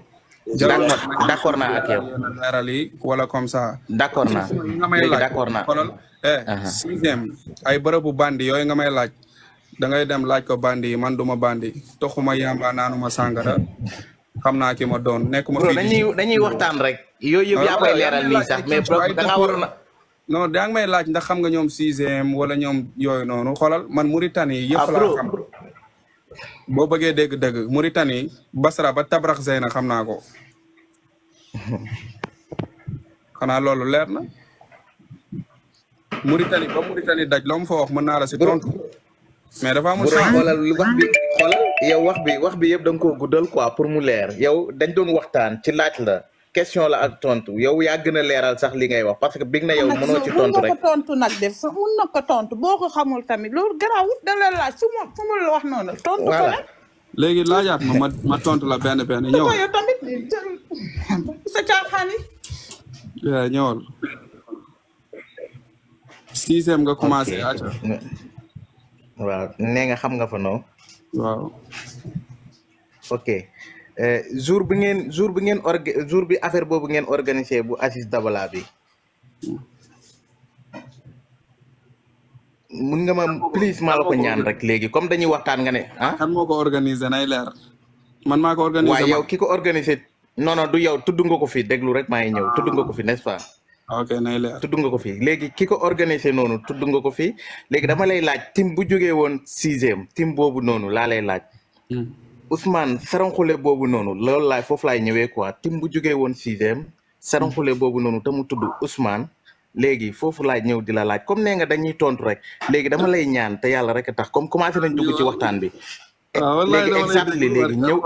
d' accord naa ak yow wala comme ça d' accord naa nga eh sixième ay bërëbu bandi yooyu nga may laaj da ngay dem laaj ko bandi man duma bandi toxuma yamba naanuma sàngara xam naa ki ma don nekuma fi dañuy dañuy waxtan rek. yooyu yëpp yaa ah, koy leeral nii sax mais bro da nga war no da nga may laaj ndax xam nga ñom 6e wala ñom yooyu nonu xolal man Mauritanie yef ah, la xam. bo beugé deg deg Mauritanie Basra ba Tabrax Zeyna xamna ko. xanaa lolu leer na. Mauritanie ba Mauritanie daj loo mu fa wax man na la ci tontu mais dafa amul sens xoolal lu wax bi xoolal yow wax bi wax bi yëpp da nga koo guddal quoi pour mu leer yow dañ doon waxtaan ci laaj la question la ak tontu yow yaa gën a leeral sax li ngay wax parce que big na yow mënoo ci tontu rek tontu nag def sa mun na ko tontu boo ko xamul tamit loolu garaawut da la laaj su ma fu ma la wax noonu tontu ko rek léegi laajaat ma ma tontu la benn benn ñëw yow tamit sa caaxaan yi eh, ñëwal sixième nga commencé aca waaw nee nga xam nga fa noo waaw ok eh, jour bi ngeen jour bi ngeen org jour bi affaire boobu ngeen organisé bu Aziz Dabala bi mun nga ma please maa la ko ñaan rek léegi comme dañuy waxtaan nga ne ah kan moo ko organisé nay leer man maa ko organisé waaw yow ki ko organisé non non du yow tudd nga ko fi déglu rek maa ngi ñëw tudd nga ko fi n'est-ce pas ok nay leer tudd nga ko fii léegi ki ko organisé noonu tudd nga ko fii léegi dama lay laaj tiim bu jógee woon sixième tim boobu noonu laa lay laaj. Hmm. Ousmane saranxule boobu noonu loolu laay foofu laay ñëwee quoi tiim bu jógee woon sixième saranxule boobu noonu te mu tudd Ousmane. léegi foofu laaj ñëw di la laaj comme nee nga dañuy tontu rek léegi dama lay ñaan te yàlla rek tax comme commencé nañ dugg ci waxtaan bi. Ah, léegi exactly léegi ñëw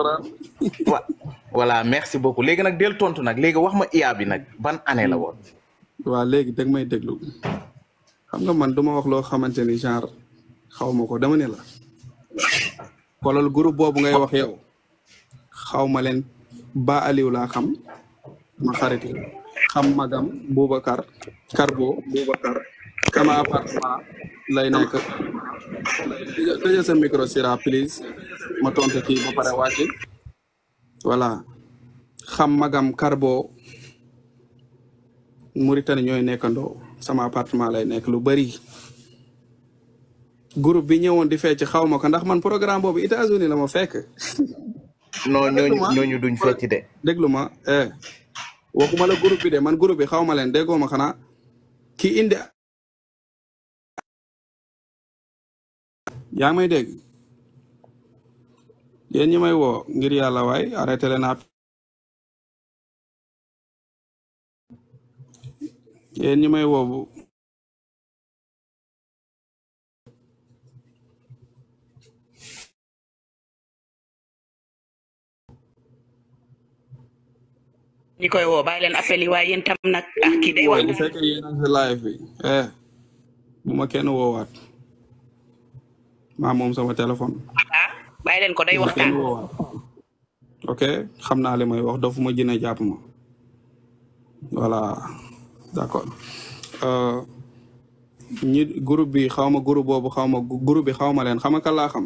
voilà merci beaucoup léegi nag del tontu nag léegi wax ma IA bi nag ban année la woon. waa léegi dag may déglu xam nga man du ma wax loo xamante ni genre xaw ma ko dama ne la xoolal groupe boobu ngay wax yow xaw ma leen ba Aliou laa xam ma xarit xam magam Boubacar Carbo Boubacar sama appartement lay nekk tëjee sa micro sira please ma tontu kii ba pare wàcc voilà xam magam karbo Mauritanie ñooy nekkandoo sama appartement lay nekk lu bari group bi ñëwoon di fecc xaw ma ko ndax man programme boobu États-Unis la ma fekk. non ñooñu ñooñu duñ fecc de. déglu ma eh la groupe bi de man groupe bi xaw ma leen déggoo ma xanaa ki indi. yaa ngi may dégg yéen ñi may woo ngir yàlla waay arrêté yéen ñi may woobu koy woo bàyyi leen appel yi waaye yéen tam nag ah kii day wax bu fekkee yéen a ngi eh, ma kenn woowaat maa moom sama téléphone bàyyi leen ko waxtaan ok xam naa li may wax dofuma jën a jàpp ma voilà d'accord euh, ñi guru bi xawma groupe bobu xawma groupe bi xawma len xama kan laa xam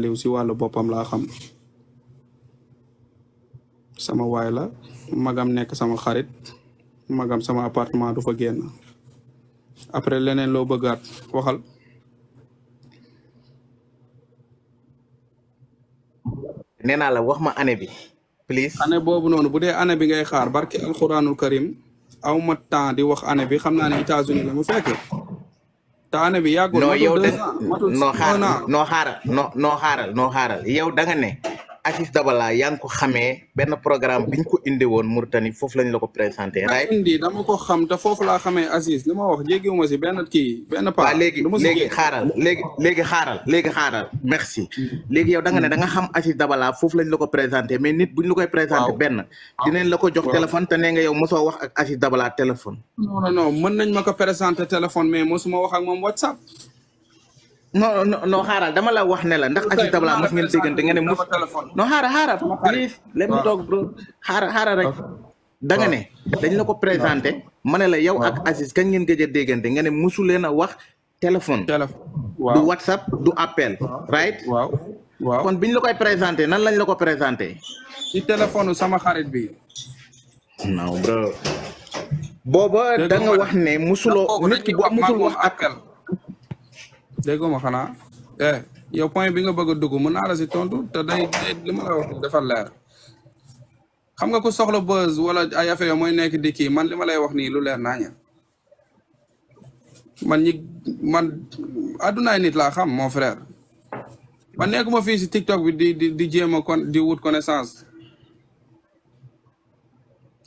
lew ci walu bopam la xam sama way la magam nek sama xarit magam sama appartement du fa genn après lo lo Wahal. waxal nena la wax ma ane bi please Ane bobu noonu budé Ane bi ngay xaar barki karim aw ma temps di wax année bi xam naa ne États-Unis la mu fekk te année bi yàggul. matul deux ans matul non xaaral non xaaral non xaaral yow da Aziz Dabala yaa ngi ko xamee benn programme biñ ko indi woon Mauritanie foofu lañ la ko présenté. right indi dama ko xam te foofu laa xamee Aziz li ma wax jéggiwuma si benn kii xaaral merci. léegi yow da nga ne da nga xam Aziz Dabala foofu lañ la ko présenté mais nit buñ la koy présenté benn. dinañ la ko jox téléphone te nee nga yow mosoo wax ak Aziz Dabala téléphone. non non non mën nañ ma ko présenté téléphone mais mosuma wax ak WhatsApp. non no no xaaral dama la wax ne la ndax Aziz Dabala mos ngeen déggante nga mus non hara hara please let me talk bro hara hara rek da nga ne dañ la ko présenté ma la yow ak Aziz kan ngeen gëj a déggante nga wax téléphone du whatsapp du appel right Wow wow, kon biñ la koy présenté nan lañ la ko présenté ci téléphone sama xarit bi non bro booba da nga wax ne musuloo nit ki bu musul wax appel déggoo ma xanaa eh yow point bi nga bëgg a dugg mën naa si tontu te day li ma la wax leer xam nga ku soxla buzz wala ay affaire mooy nekk di kii man li ma lay wax nii lu leer naaña man ñi man addunaay nit laa xam mon frère ma nekkuma fii si TikTok bi di di di jéem a kon di wut connaissance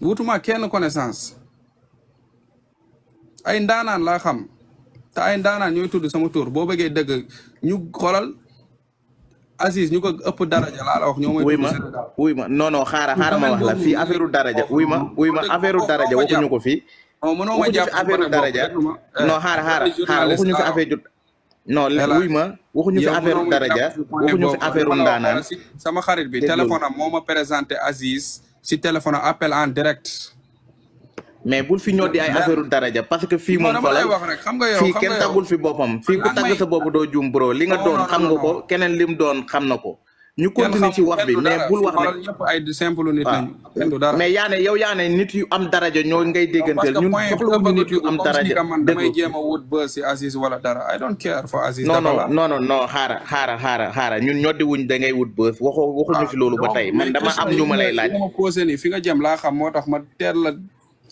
wutuma kenn connaissance ay ndaanaan la xam ta ay ndana ñoy tuddu sama tour. bo bëggee dëgg ñu xolal Aziz ñuko ëpp daraja la wax ñoo mooy wuy ma non non xara xara ma wax la fi affaireu daraja wuy ma wuy ma affaireu daraja ñuko fi eh, non mëno ma japp affaireu daraja non xara xara xaara waxuñu fi affaire jut non wuy ma waxuñu fi affaireu daraja fi affaireu ndana sama xarit bi téléphone am moma présenter Aziz si téléphone appel en direct mais bul fi ñoo di ay affaire daraja parce que fii moom falal fii kenn tagul fi boppam fi ku ah, tagg sa bopp doo juum bro li nga doon xam nga ko keneen lim doon xam na ko ñu continuer ci wax bi mais bul wax ne ñëpp ay simple nit mais yaa yow yaa ne nit yu am daraja ñoo ngay dégganteel ñun soxlawuñu nit yu am daraja man damay jéem a wut bës wala dara I don't care for Aziz non xaara xaara xaara ñun ñoddi wuñ da ngay wut bës waxoo waxuñu fi ah, loolu ba tey man dama am ñu ma lay laaj fi nga jëm laa xam moo tax ma teel la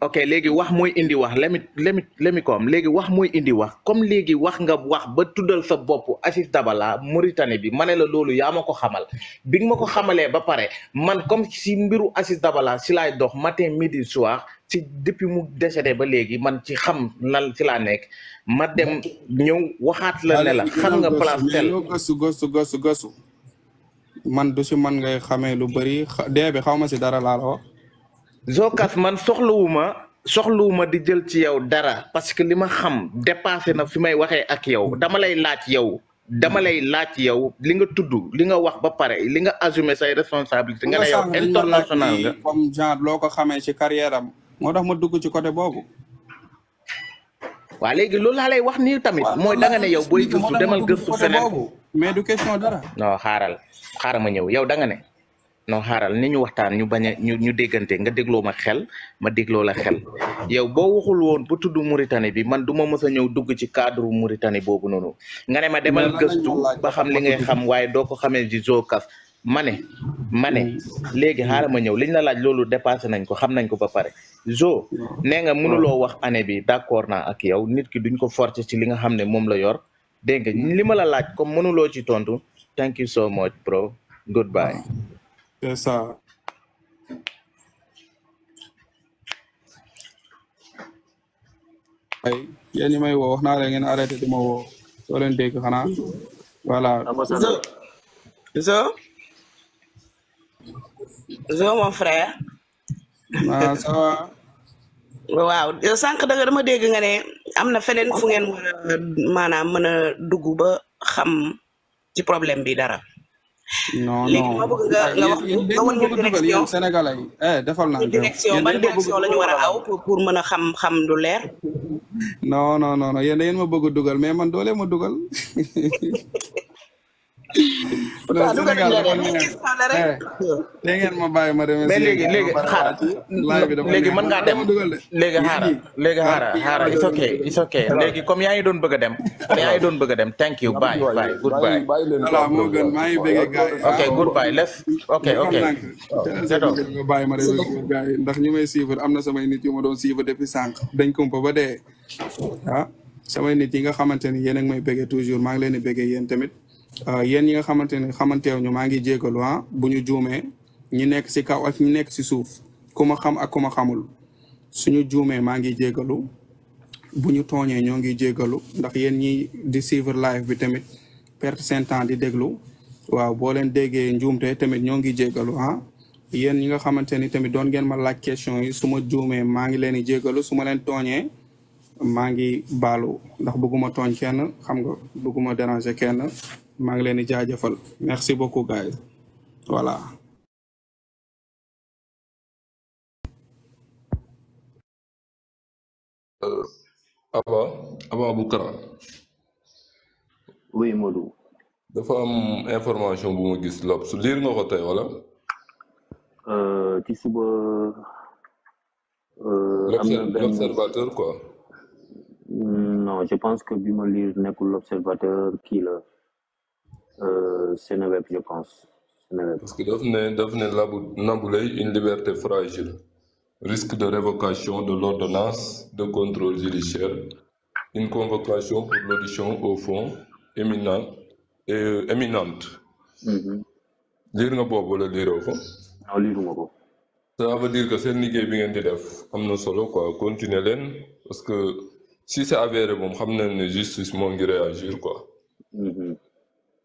ok léegi wax mooy indi wax lemi lemi lemi koom léegi wax mooy indi wax comme léegi wax nga wax ba tuddal sa bopp Aziz Dabala Mauritanie bi ma ne la loolu yaa ma ko xamal bi nga ma ko xamalee ba pare man comme si mbiru Aziz Dabala si lay dox matin midi soir ci depuis mu décédé ba léegi man ci xam lan ci laa nekk ma dem ñëw waxaat la ne la xam nga place tel gasu gasu gëstu man du si man ngay xamee lu bëri dee bi xaw ma si dara laa Zocash man soxlawuma soxlawuma di jël ci yow dara parce que li ma xam dépassé na fi may waxee ak yow dama lay laaj yow dama lay laaj yow li nga tudd li nga wax ba pare li nga assumer say responsabilité nga ne yow international nga comme loo ko xamee ci carrière moo tax ma dugg ci côté boobu waa léegi loolu laa lay wax nii tamit mooy da nga ne yow booy gëstu demal gëstu feneen mais du question dara non xaaral xaaral ma ñëw yow da nga ne non xaaral ni ñu waxtaan ñu bañ a ñu ñu déggante nga dégloo ma xel ma dégloo la xel yow boo waxul woon bu tudd Mauritanie bi man du ma mës a ñëw dugg ci cadre Mauritanie boobu noonu nga ne ma demal gëstu ba xam li ngay xam waaye doo ko xamee ci Zocash ma ne ma ne léegi xaaral ma ñëw liñ la laaj loolu dépassé nañ ko xam nañ ko ba pare zo nee nga mënuloo wax année bi d'accord na ak yow nit ki duñ ko forcer ci li nga xam ne moom la yor dégg nga li ma la laaj comme mënuloo ci tontu thank you so much bro goodbye ndeysaan ay yéen may woo wax naa leen ngeen arrêté di ma woo soo leen dégg mon frère. ah ça va. waaw sànq da dama dégg nga ne am na feneen fu ngeen war mën dugg ba xam ci problème bi dara. non non léegi ah, Sénégalais yi eh, defal naa direction pour mën a xam xam lu leer. non non non yéen da ma bëgg dugal mais man doole ma dugal. Sénégal la kon nee ngeen ma bàyyi ma demee. mais léegi léegi xaaral léegi mën ngaa dem léegi xaaral léegi xaaral xaaral it's okay it's okay léegi comme yaa ngi doon bëgg a dem. yaa bëgg a dem thank you bye bye goodbye. voilà moo gën maa ngi bëgg gars yi. ok goodbye les ok ok. ndax ñu may suivre am na samay nit yu ma doon suivre depuis sànq dañ kumpa ba dee ah samay nit yi nga xamante ni yéen a ngi may bëggee toujours maa ngi leen di yéen tamit. Euh, yéen ñi nga xamante ne xamanteew ñu maa ngi jégalu ah bu ñu juumee ñi nekk si kaw ak ñi nekk si suuf ku ma xam ak ku ma xamul suñu juumee maa ngi jégalu bu ñu tooñee ñoo ngi jégalu ndax yéen ñi di suivre live bi tamit perte seen temps di déglu waaw boo leen déggee njuumte tamit ñoo ngi jégalu ah yéen ñi nga xamante ni tamit doon ngeen ma laaj question yi su ma juumee maa ngi leen di jégalu su ma leen tooñee maa ngi baalu ndax bëgguma tooñ kenn xam nga bëgguma déranger kenn ngi leen merci beaucoup guys voilà euh, Aba Aba Aboukra oui Modou dafa am information bu ma gis lob su liir nga ko euh, euh, l'observateur quoi non je pense que bi ma liir nekkul l'observateur kii là? euh, Sénéweb, je pense. Parce que devenir Daphné Naboulay, une liberté fragile, risque de révocation de l'ordonnance de contrôle judiciaire, une convocation pour l'audition au fond éminent, euh, éminente. Mhm. Lire nga boobu wala liiroo ko. non liiruma ça veut dire que c'est liggéey bi ngeen di def am na solo quoi continuer leen parce que si c'est avéré moom xam nañ ne justice moo ngi réagir quoi. Mm-hmm.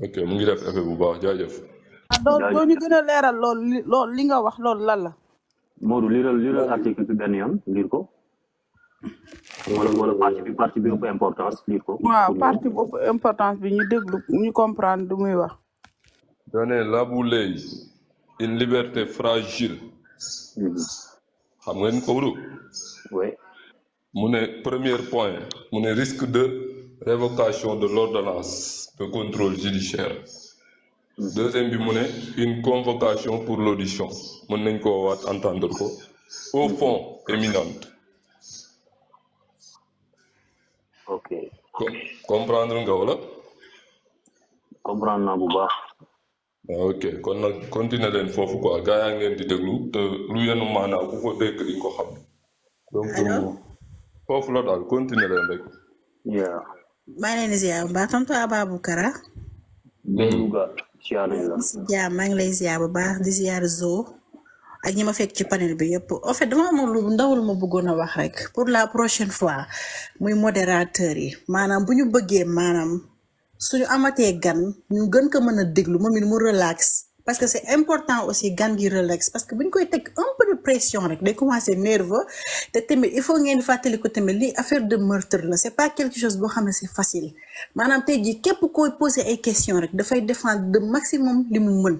ok mu ngi def effet bu baax jaajëf. Ah, jaajëf doo ñu gën a leeral loolu li nga wax lool lan la. Modou liral liral article bi benn yoon liir ko. wala wala bi partie bi importance liir ko. waaw partie bu ëpp importance bi ñu déglu ñu comprendre du muy wax. dane Laboulaye une liberté fragile. Mhm. xam ngeen ko wóorul. oui. mu ne premier point mu ne risque de. révocation de l'ordonnance de contrôle judiciaire deuxième bi une convocation pour l'audition Mon sais pas quoi? entendre au fond éminente ok comprendre là comprendre un bu ah, ok kon à continuer quoi di lu Vous avez Vous ko donc la yeah maa ngi leen di ziar bu baax tonton Ababoukara. si jaam maa ngi lay ziar bu baax di ziar zo ak ñi ma fekk ci panel bi yëpp en fait dama amoon lu ndawul ma buggoon a wax rek pour la prochaine fois muy modérateur yi maanaam bu ñu bëggee maanaam suñu amatee gan ñu gën ko mën a déglu moom it mu relax. parce que c'est important aussi gan relax parce que buñ koy tek un peu de pression rek day commencer nerveux té tamit il faut ngeen fatali ko tamit li affaire de meurtre là. c'est pas quelque chose bo xam c'est facile manam tey jii képp koy poser ay questions rek fay défendre de maximum limu mu mën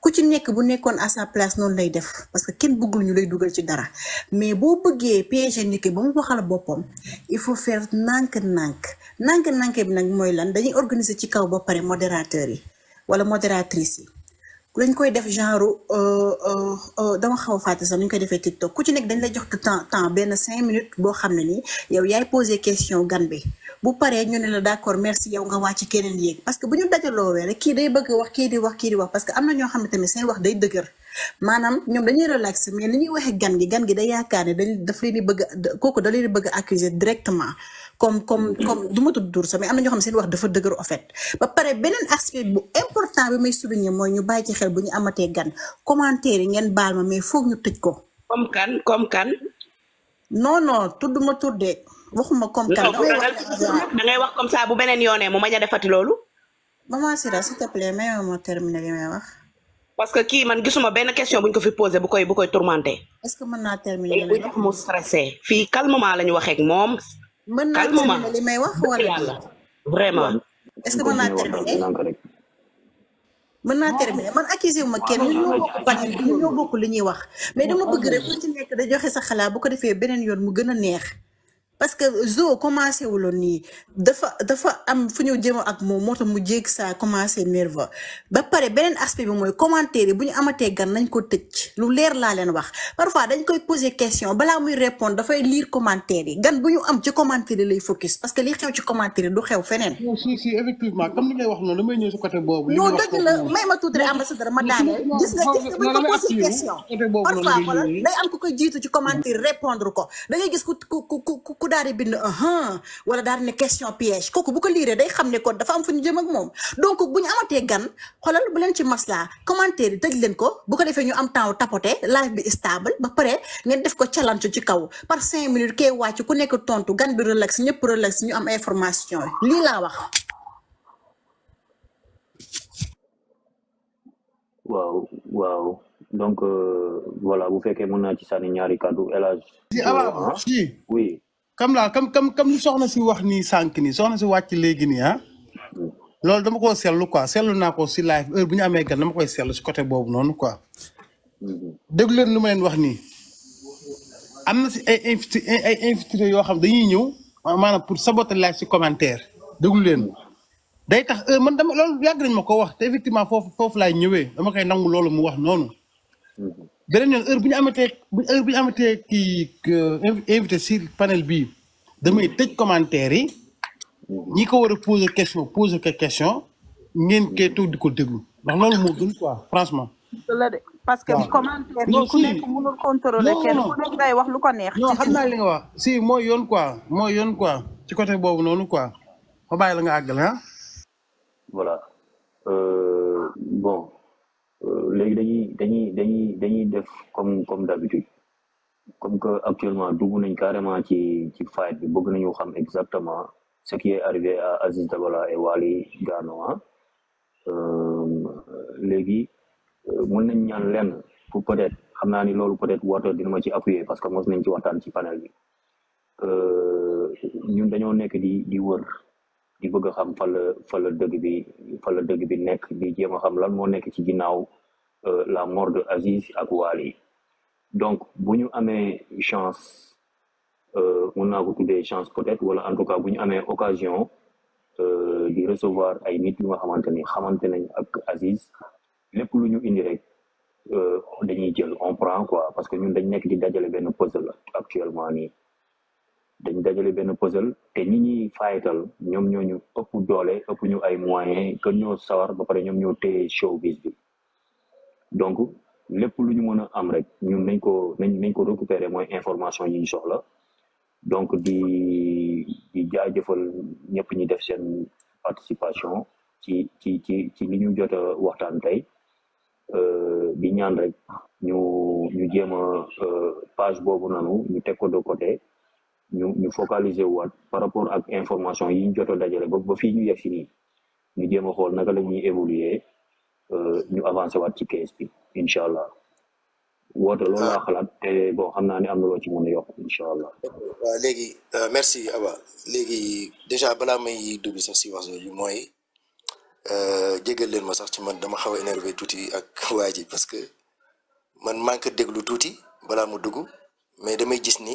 ku ci nek bu nekkoon à sa place non, lay def parce que kenn bëggul ñu lay duggal ci dara mais bo bëggé piéger nit ki ba mu waxal bopom il faut faire nank, nank nank, nànk bi nak moy lan dañuy organiser ci kaw ba paré modérateur yi wala modératrice yi. lañ koy def genre euh, euh, euh, dama xaw a fàtte sax nu ñu koy defee TikTok ku ci nekk dañ lay jox temps temps benn cinq minutes boo xam ne ni yow yaay posé question gan bi bu paree ñu ne la d'accord merci yow nga wàcc keneen yéeg parce que bu ñu dajaloowee rek kii day bëgg wax kii di wax kii di wax parce que am na ñoo xam ne tamit seen wax day dëgër maanaam ñoom dañuy relaxé mais li ñuy waxee gan gi gan gi day yaakaar ne dañ daf leen bëgg kooku da leen di bëgg accuser directement comme comme comme du ma tudd dur sax mais am na ñoo xam seen wax dafa dëgër en fait ba pare beneen aspect bu important bi may souligner mooy ñu bàyyi ci xel bu ñu amatee gan commentaire yi ngeen baal ma mais foog ñu tëj ko. comme kan comme kan. non non tudd ma tuddee waxuma comme kan. damay wax da ngay wax comme ça bu beneen yoonee mu mañ a defati loolu. maman Sira s'il te plaît may ma terminer li may wax. parce que kii man gisuma benn question bu ñu ko fi posé bu koy bu koy tourmenté. est-ce que mën naa terminer. mu stressé fii calmement la ñu waxee moom. mën naa terminer li may wax wala yàlla vraiment. est-ce que mën naa terminer mën naa terminer man accusé wu ma kenn ñu ñoo bokk ban ñu bokk li ñuy wax mais dama bëgg rek ku ci nekk da joxe sa xalaat bu ko defee beneen yoon mu gën a neex. parce que Zo commencé wuloon dafa dafa am fuñu ak motam mu ça commencé nerveux ba aspect bi moy commentaire buñu amaté, gan nañ ko lu parfois dañ koy poser question répondre lire commentaire gan buñu am ci commentaire focus parce que li xew ci commentaire du xew fenen si si effectivement comme ni wax côté ma ambassadeur ma gis nga am répondre daal di bind un uh-huh, wala daal di ne question piège kooku bu ko liiree day xam ne ko dafa am fu ñu jëm ak moom donc bu ñu amatee gan xoolal bu leen ci maslaa commentaire yi tëj leen ko bu ko defee ñu am temps tapoter live bi stable ba pare ngeen def ko challenge ci kaw par cinq minutes kee wàcc ku nekk tontu gan bi relax ñëpp relax ñu am information lii laa wax. waaw waaw donc euh, voilà bu fekkee mun naa ci sànni ñaari kàddu El Hadj. Ah, ah? oui. kam laa kam kam kam li soxna si wax nii sànq nii soxna si wàcc léegi nii ah loolu dama ko seetlu quoi seetlu naa ko si live heure bu ñu amee gan dama koy seetlu si côté boobu noonu quoi déglu leen lu ma leen wax nii am na si ay invité ay invité yoo xam dañuy ñëw maanaam pour saboter live si commentaire déglu leen day tax heure man dama loolu yàgg nañ ma ko wax te effectivement foofu foofu laay ñëwee dama koy nangu loolu mu wax noonu beneen yoon heure bu ñu amatee heure bu ñu amatee kii euh, invité sur panel bi damay tëj commentaire yi ñi ko war a poser question poser ko question ngeen koy toog di ko déglu ndax loolu moo gën franchement. la parce que commentaire yi ku nekk mënul contrôler kenn wax lu ko neex. non xam naa li nga wax si mooy yoon quoi mooy yoon quoi ci côté boobu noonu quoi ma bàyyi la nga àggal ah. voilà euh, bon. léegi dañuy dañuy dañuy dañuy def comme comme d'habitude comme que actuellement dugg nañ carrément ci ci fight bi bëgg nañu xam exactement ce qui est arrivé à Aziz Dabala et Waly Gano ah euh, léegi euh, mën nañ ñaan lenn pour peut-être xam naa ni loolu peut-être water dina ma ci appuyer parce que mos nañ ci waxtaan ci panel bi euh, ñun dañoo nekk di di wër di bëgg xam fa la fa la dëgg bi fa la dëgg bi nekk di jéem a xam lan moo nekk ci ginnaaw euh, la mort de Aziz ak donc bu ñu amee chance euh, mun naa ko tuddee chance peut-être wala en tout cas bu ñu amee occasion euh, di recevoir ay nit yu nga xamante ni xamante nañ ak Aziz lépp lu ñu indi rek dañuy jël on prend quoi parce que ñun dañ nekk di dajale benn puzzle actuellement nii dañ dajale benn puzzle te ñi ñuy fayatal ñoom ñoo ñu ëpp doole ëpp ñu ay moyens gën ñoo sawar ba pare ñoom ñoo téye showbiz bi donc lépp lu ñu mën a am rek ñun nañ ko nañ nañ ko récupérer mooy information yi ñu soxla donc di di jaajëfal ñëpp ñi def seen participation ci ci ci ci li ñu jot a waxtaan tey euh, di ñaan rek ñu ñu jéem a euh, page boobu nanu ñu teg ko de côté ñu ñu focaliser waat par rapport ak information yi ñu jot a dajale ba ba fii ñu yegg si nii ñu jéem a xool naka la ñuy évoluer euh, ñu avancé waat ci kees bi incha allah woote loolu laa ah. xalaat te bon xam naa ne am na loo ci mën a yokk incha allah. waaw léegi euh, merci Aba léegi déjà balaa may dugg sax si wax jooju mooy euh, jégal leen ma sax ci man dama xaw a énervé tuuti ak waa ji parce que man manque déglu tuuti balaa mu dugg mais damay gis ni.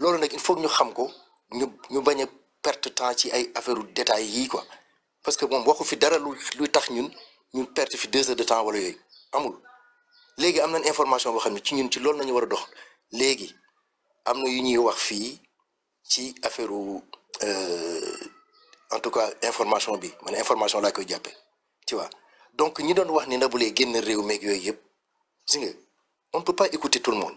loolu nak il faut ñu xam ko ñu ñu bañ a perte temps ci ay affaireu détails yi quoi parce que moom waxu fi dara lu luy tax ñun ñu perte fi 2 heures de temps wala yooyu amul légui am nañ information bo xamni ci ñun ci loolu lañu wara dox légui amna na yu ñuy wax fi ci affaireu euh en tout cas information bi man information la koy jappé tu vois donc ñi doon wax ni na bu lay genn réew meeg yoy yëpp si nga on peut pas écouter tout le monde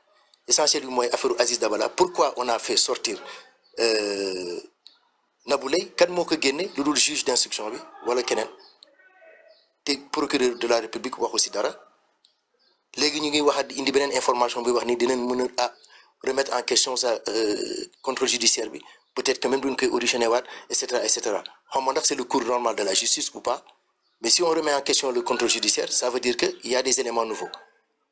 essentiel bi mooy affaire Aziz Dabala pourquoi on a fait sortir euh, Naboulay, quand ko génne le juge d'instruction bi wala Kenen, le procureur de la république waxu aussi dara léegi ñu ngi waxaat di indi beneen information bi wax ni dinañ remettre en question euh, contrôle judiciaire peut-être que même duñ koy auditionné etc et cetera et cetera c'est le cours normal de la justice ou pas mais si on remet en question le contrôle judiciaire ça veut dire que il y a des éléments nouveaux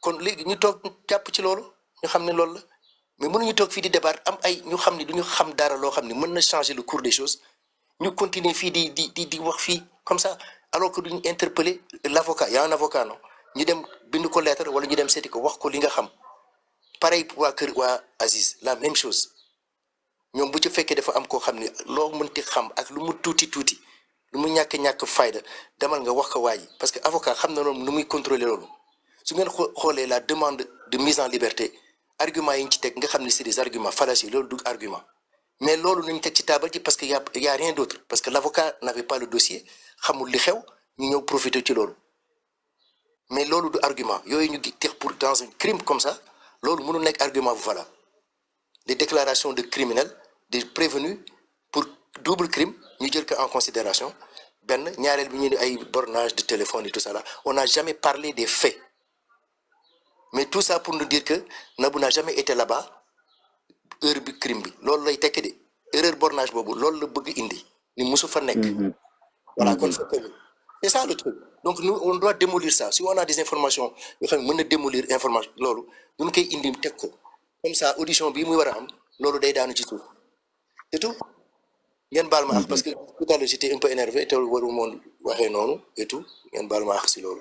kon léegi ñu toog jàpp ci lolu ñu xamni lolu loolu la mais mënuñu toog fii di débat am ay ñu xamni duñu xam dara lo xamni mëna changer le cours des choses ñu continuer fi di di di wax fi comme ça alors que duñu interpeller l'avocat avocat y a un avocat non ñu dem bind ko lettre wala ñu dem seeti ko wax ko li nga xam pareil pour wa kër wa Aziz la même chose ñom bu ci fekkee dafa am ko xamni lo loo mënti xam ak lu mu touti tuuti lu mu ñàkk ñàkk fayda demal nga wax ko waa parce que avocat xam na loolu nu muy contrôler lolu si vous xoolee la demande de mise en liberté argument yi ci nga c'est des arguments fallacieux loolu du argument mais loolu nañ teg ci taabal parce que y a a rien d'autre parce que l'avocat n'avait pas le dossier xamul li xew ñu a profiter ci loolu mais ce du argument yooyu ñu tex pour dans un crime comme ça loolu mënul argument voilà des déclarations de criminels des prévenus pour double crime nous jël qu'en en considération ben ñaareel bi bornages de téléphone et tout ça là on n'a jamais parlé des faits mais tout ça pour nous dire que Nabou n'a jamais été là-bas heure bi crime bi loolu lay tekki de erreur bornage boobu loolu la bëgg indi ni musu fa nekk mhm. voilà mhm. kon fekk c'est ça le truc donc nous on doit démolir ça si on a des informations yoo xam ne mën na démolir information loolu duñ koy indi teg ko comme ça audition bii muy war a am loolu day daanu ci suuf c'est tout ngeen baal ma àq mhm. parce que tout à l'heure j'étais un peu énervé te waru mon, waxee noonu et tout ngeen baal ma àq si loolu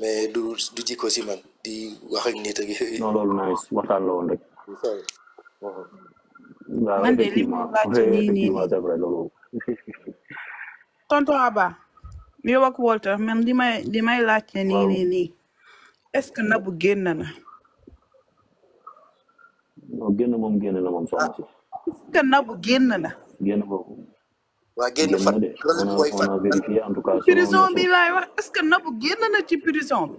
mais du du jikko si man di wax ak nit ak yooyu. non loolu nice waxtaan la woon rek. man de li ma laaj nii nii tonton Aba yow ak Walter man di may li may laajte ni nii nii est-ce que Nabou génn na. non génn na moom soxna si. est-ce que Nabou génn na. génn moom. waa génn fan. lan la koy fan. prison bi laay wax est que Nabou génn na ci prison bi.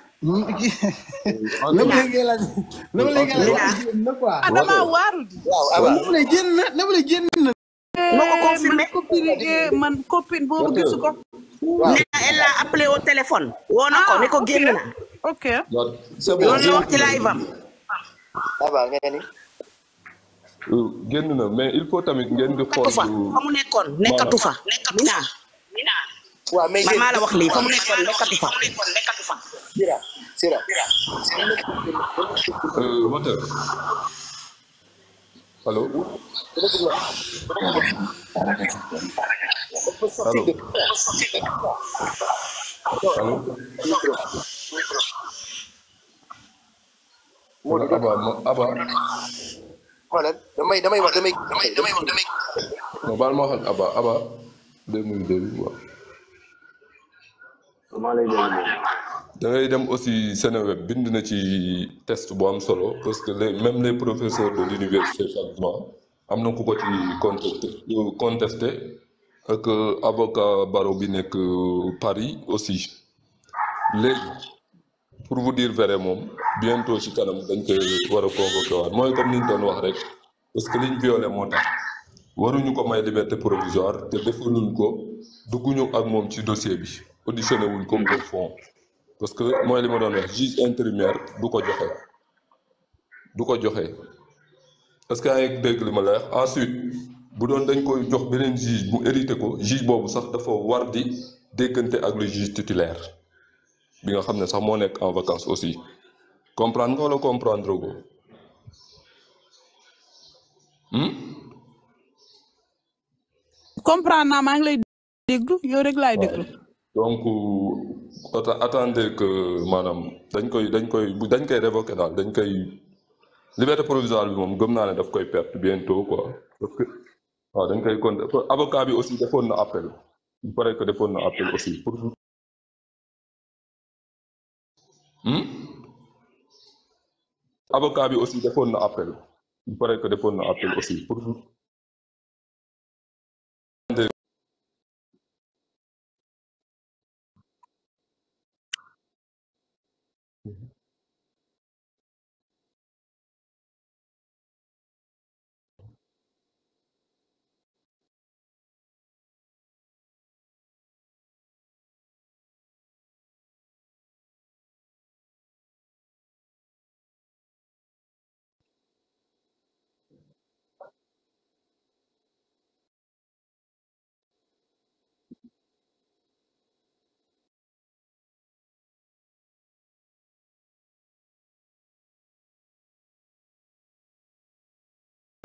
na mu léegi la ko man copine boobu gisu ko. waaw nee l'a appelé au téléphone. woo na ko ah, ne ko génn ci live am. Euh, génn mais il faut tamit ngeen di xool. fa fa nekkoon nekkatu fa nekkatu fa. waaw mais man maa la wax lii fa mu nekkoon nekkatu fa. Sira Sira. moteur. allo. allo. allo. Aba Aba. damay damay wax damay damay damay wax damay. baal ma waxal Aba Aba. deux mille deux waaw. da dem aussi Seneweb bind na ci test bu am solo parce que les même les professeurs de l'université chaque mois am na ku ko ci contesté euh, contesté ak euh, avocat Baro bi nekk euh, Paris aussi léegi pour vous dire vrai moom bientôt ci kanam dañ koy war a convoqué mooy comme ni doon wax rek parce que liñ violé moo tax waruñu ko may liberté provisoire te defaluñ ko dugguñu ak moom ci dossier bi auditionné wuñ comme de fond parce que mooy li ma doon wax juge intérimaire du ko joxe du ko joxe parce que yaa dégg li ma la wax ensuite bu doon dañ koy jox beneen juge bu hérité ko juge boobu sax dafa war di déggante ak le juge titulaire bi nga xam ne sax moo nekk en vacances aussi comprendre nga wala comprendre ko hmm? comprendre naa maa ngi lay déglu yow rek laay déglu donc attendez que maanaam dañ koy dañ koy dañ koy révoquer daal dañ koy liberté provisoire bi moom gëm naa ne daf koy perte bientôt quoi parce waaw dañ koy kon avocat bi aussi defoon na appel il paraît que defoon na appel aussi pour. Hmm? avocat bi aussi defoon na appel il paraît que defoon na appel aussi pour.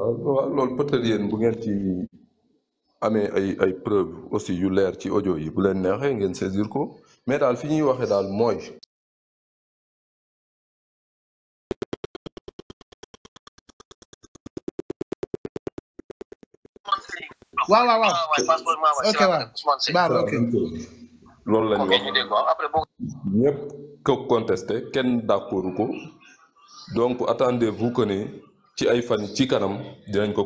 waaw peut-être bu ci ay ay preuves aussi yu lèr ci audio yi bu len nexé ngeen saisir ko mais dal fiñuy waxé ok ok d'accord donc attendez-vous connaissez, ci ay fan ci kanam dinañ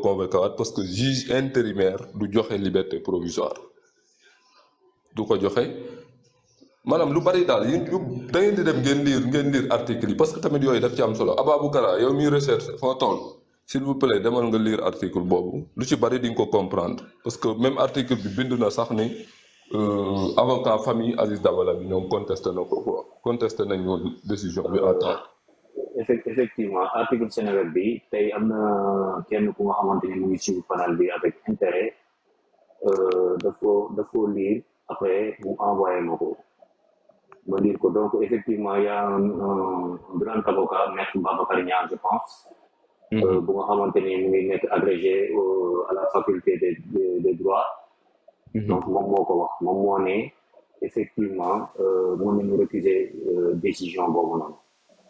parce que juge intérimaire du joxe liberté provisoire du ko joxe manam lu bari dit yu di dem vous avez parce que tamit yooyu daf ci am solo recherche s'il vous plaît demal nga lire article je lu ci bari ko comprendre parce que même article bi na sax ni euh, avocat famille Aziz Dabala bi ñoom conteste, na ko contesté décision effectivement article Sénégal b avec intérêt euh, lire après envoyer mon donc y a un, grand avocat je pense mm-hmm. euh, agrégé à la faculté des droits mm-hmm. donc mon mot, wax effectivement euh, décision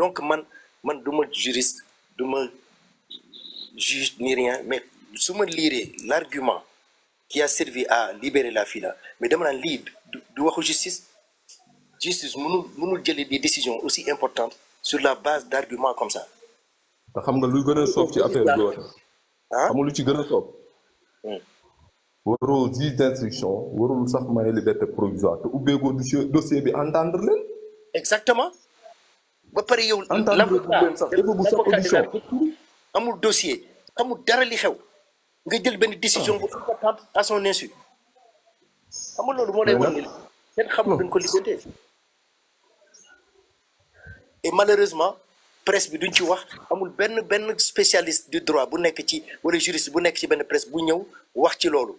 donc man man duma juriste duma juge ni rien mais su lire l'argument qui a servi à libérer la fille mais dama naan lii du waxu justice justice nous nous jëlee des décisions aussi importantes sur la base d'arguments comme ça. te xam nga lu gën a soob ci affaire bi xam ah? nga lu ci gën a soob. Hmm. waroo juge d'instruction warul sax ma liberté provisoire bégo du dossier bi entendre leen. exactement ba pare yow. amul dossier amul dara li xew nga jël ben décision ah. bu importante à son insu. amul lolu mo lay ni et malheureusement presse bi duñ ci wax amul spécialiste du droit bu nekk ci wala juriste bu nekk ci ben presse bu ñëw wax ci lolu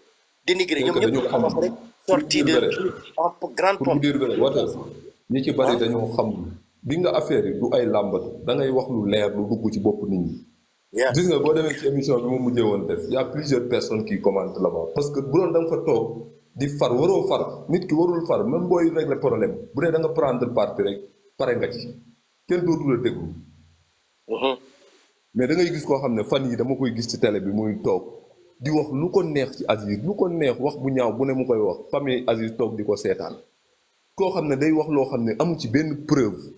dénigrer ñom de en grande pompe. ñi ci bari hein? bi nga affaire yi du ay làmbatu da ngay wax lu leer lu dugg ci bopp nit ñi. gis nga boo demee ci émission bi mu mujjee woon def y' a plusieurs personnes ki commentent là-bas. parce que bu doon da nga fa toog di far waroo far nit ki warul far même booy régler problème bu dee da nga prendre parti rek pare nga ci mm-hmm. da ngay gis koo xam ne fan yi dama koy gis ci télé bi muy toog di wax lu ko neex ci Aziz lu ko neex wax bu ñaaw bu ne mu koy wax famille Aziz toog di ko seetaan koo xam ne day wax loo xam ne amu ci benn preuve.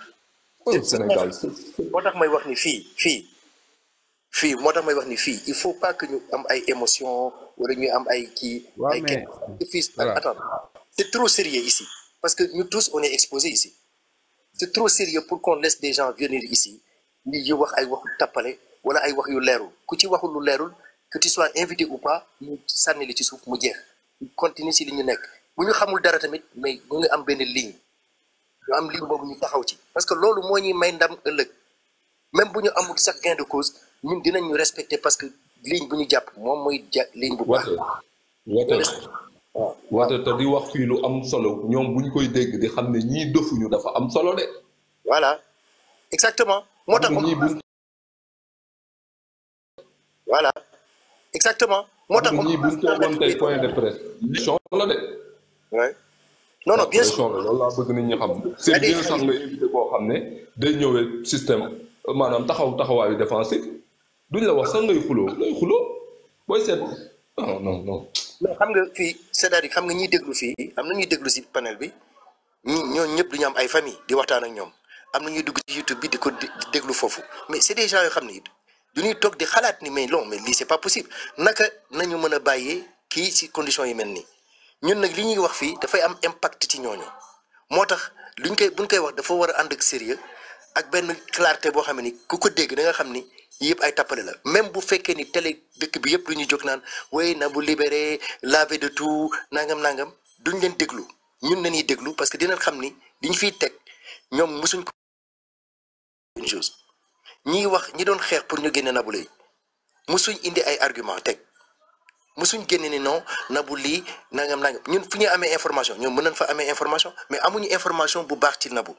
au Sénégal moo tax may wax ni fii fii fii moo tax may wax ni fii il faut pas que ñu am ay émotion wala ñu am ay kii. ay kenn fii attends c'est trop sérieux ici parce que nous tous on est exposé ici c'est trop sérieux pour qu'on laisse des gens venir ici ñu yi wax ay waxu tappale wala ay wax yu leerul ku ci waxul lu leerul que tu sois invité ou pas ñu sànni li ci suuf mu jeex ñu continue si li ñu nekk bu ñu xamul dara tamit mais mu ngi am benn ligne am ligne ñu taxaw ci parce que lolu ñi may ndam même buñu amul sax gain de cause ñun dinañ respecter parce que ligne buñu japp ne moy bu baax. te di wax fi lu am solo buñ koy dégg di dafa am solo de. voilà exactement. voilà exactement. non non bien sûr loolu laa bëgg nit ñi xam. c'est bien sax nga invité boo xam ne day ñëwee système maanaam taxaw taxawaayu défensif duñ la wax sax ngay xuloo ngay xuloo booy seet non non non. mais xam nga fii c'est-à-dire xam nga ñiy déglu fii am na ñuy déglu si panel bi ñi ñooñu ñëpp duñu am ay famille di waxtaan ak ñoom am na ñuy dugg ci YouTube bi di ko déglu foofu mais c'est des gens yoo xam ne du toog di xalaat ni mais non mais lii c'est pas possible naka nañu mën a bàyyee kii si conditions yi mel nii. ñun nag li ñuy wax fii dafay am impact ci ñooñu moo tax luñ koy buñ koy wax dafa war a ànd ak sérieux ak benn clarté boo xam ne ni ku ko dégg da xam ni yëpp ay tappale la même bu fekkee ni télé dëkk bi yëpp lu ñuy jóg naan way na bu libéré lavé de tout nangam nangam duñ leen déglu ñun nañuy déglu parce que dinañ xam ni ñu fiy teg ñoom mosuñ ko une chose ñiy wax ñi doon xeex pour ñu génne Nabou Leye indi ay argument teg Nous avons ni non ñun information Vous mënañ fa information mais amuñu information bu baax ci nabu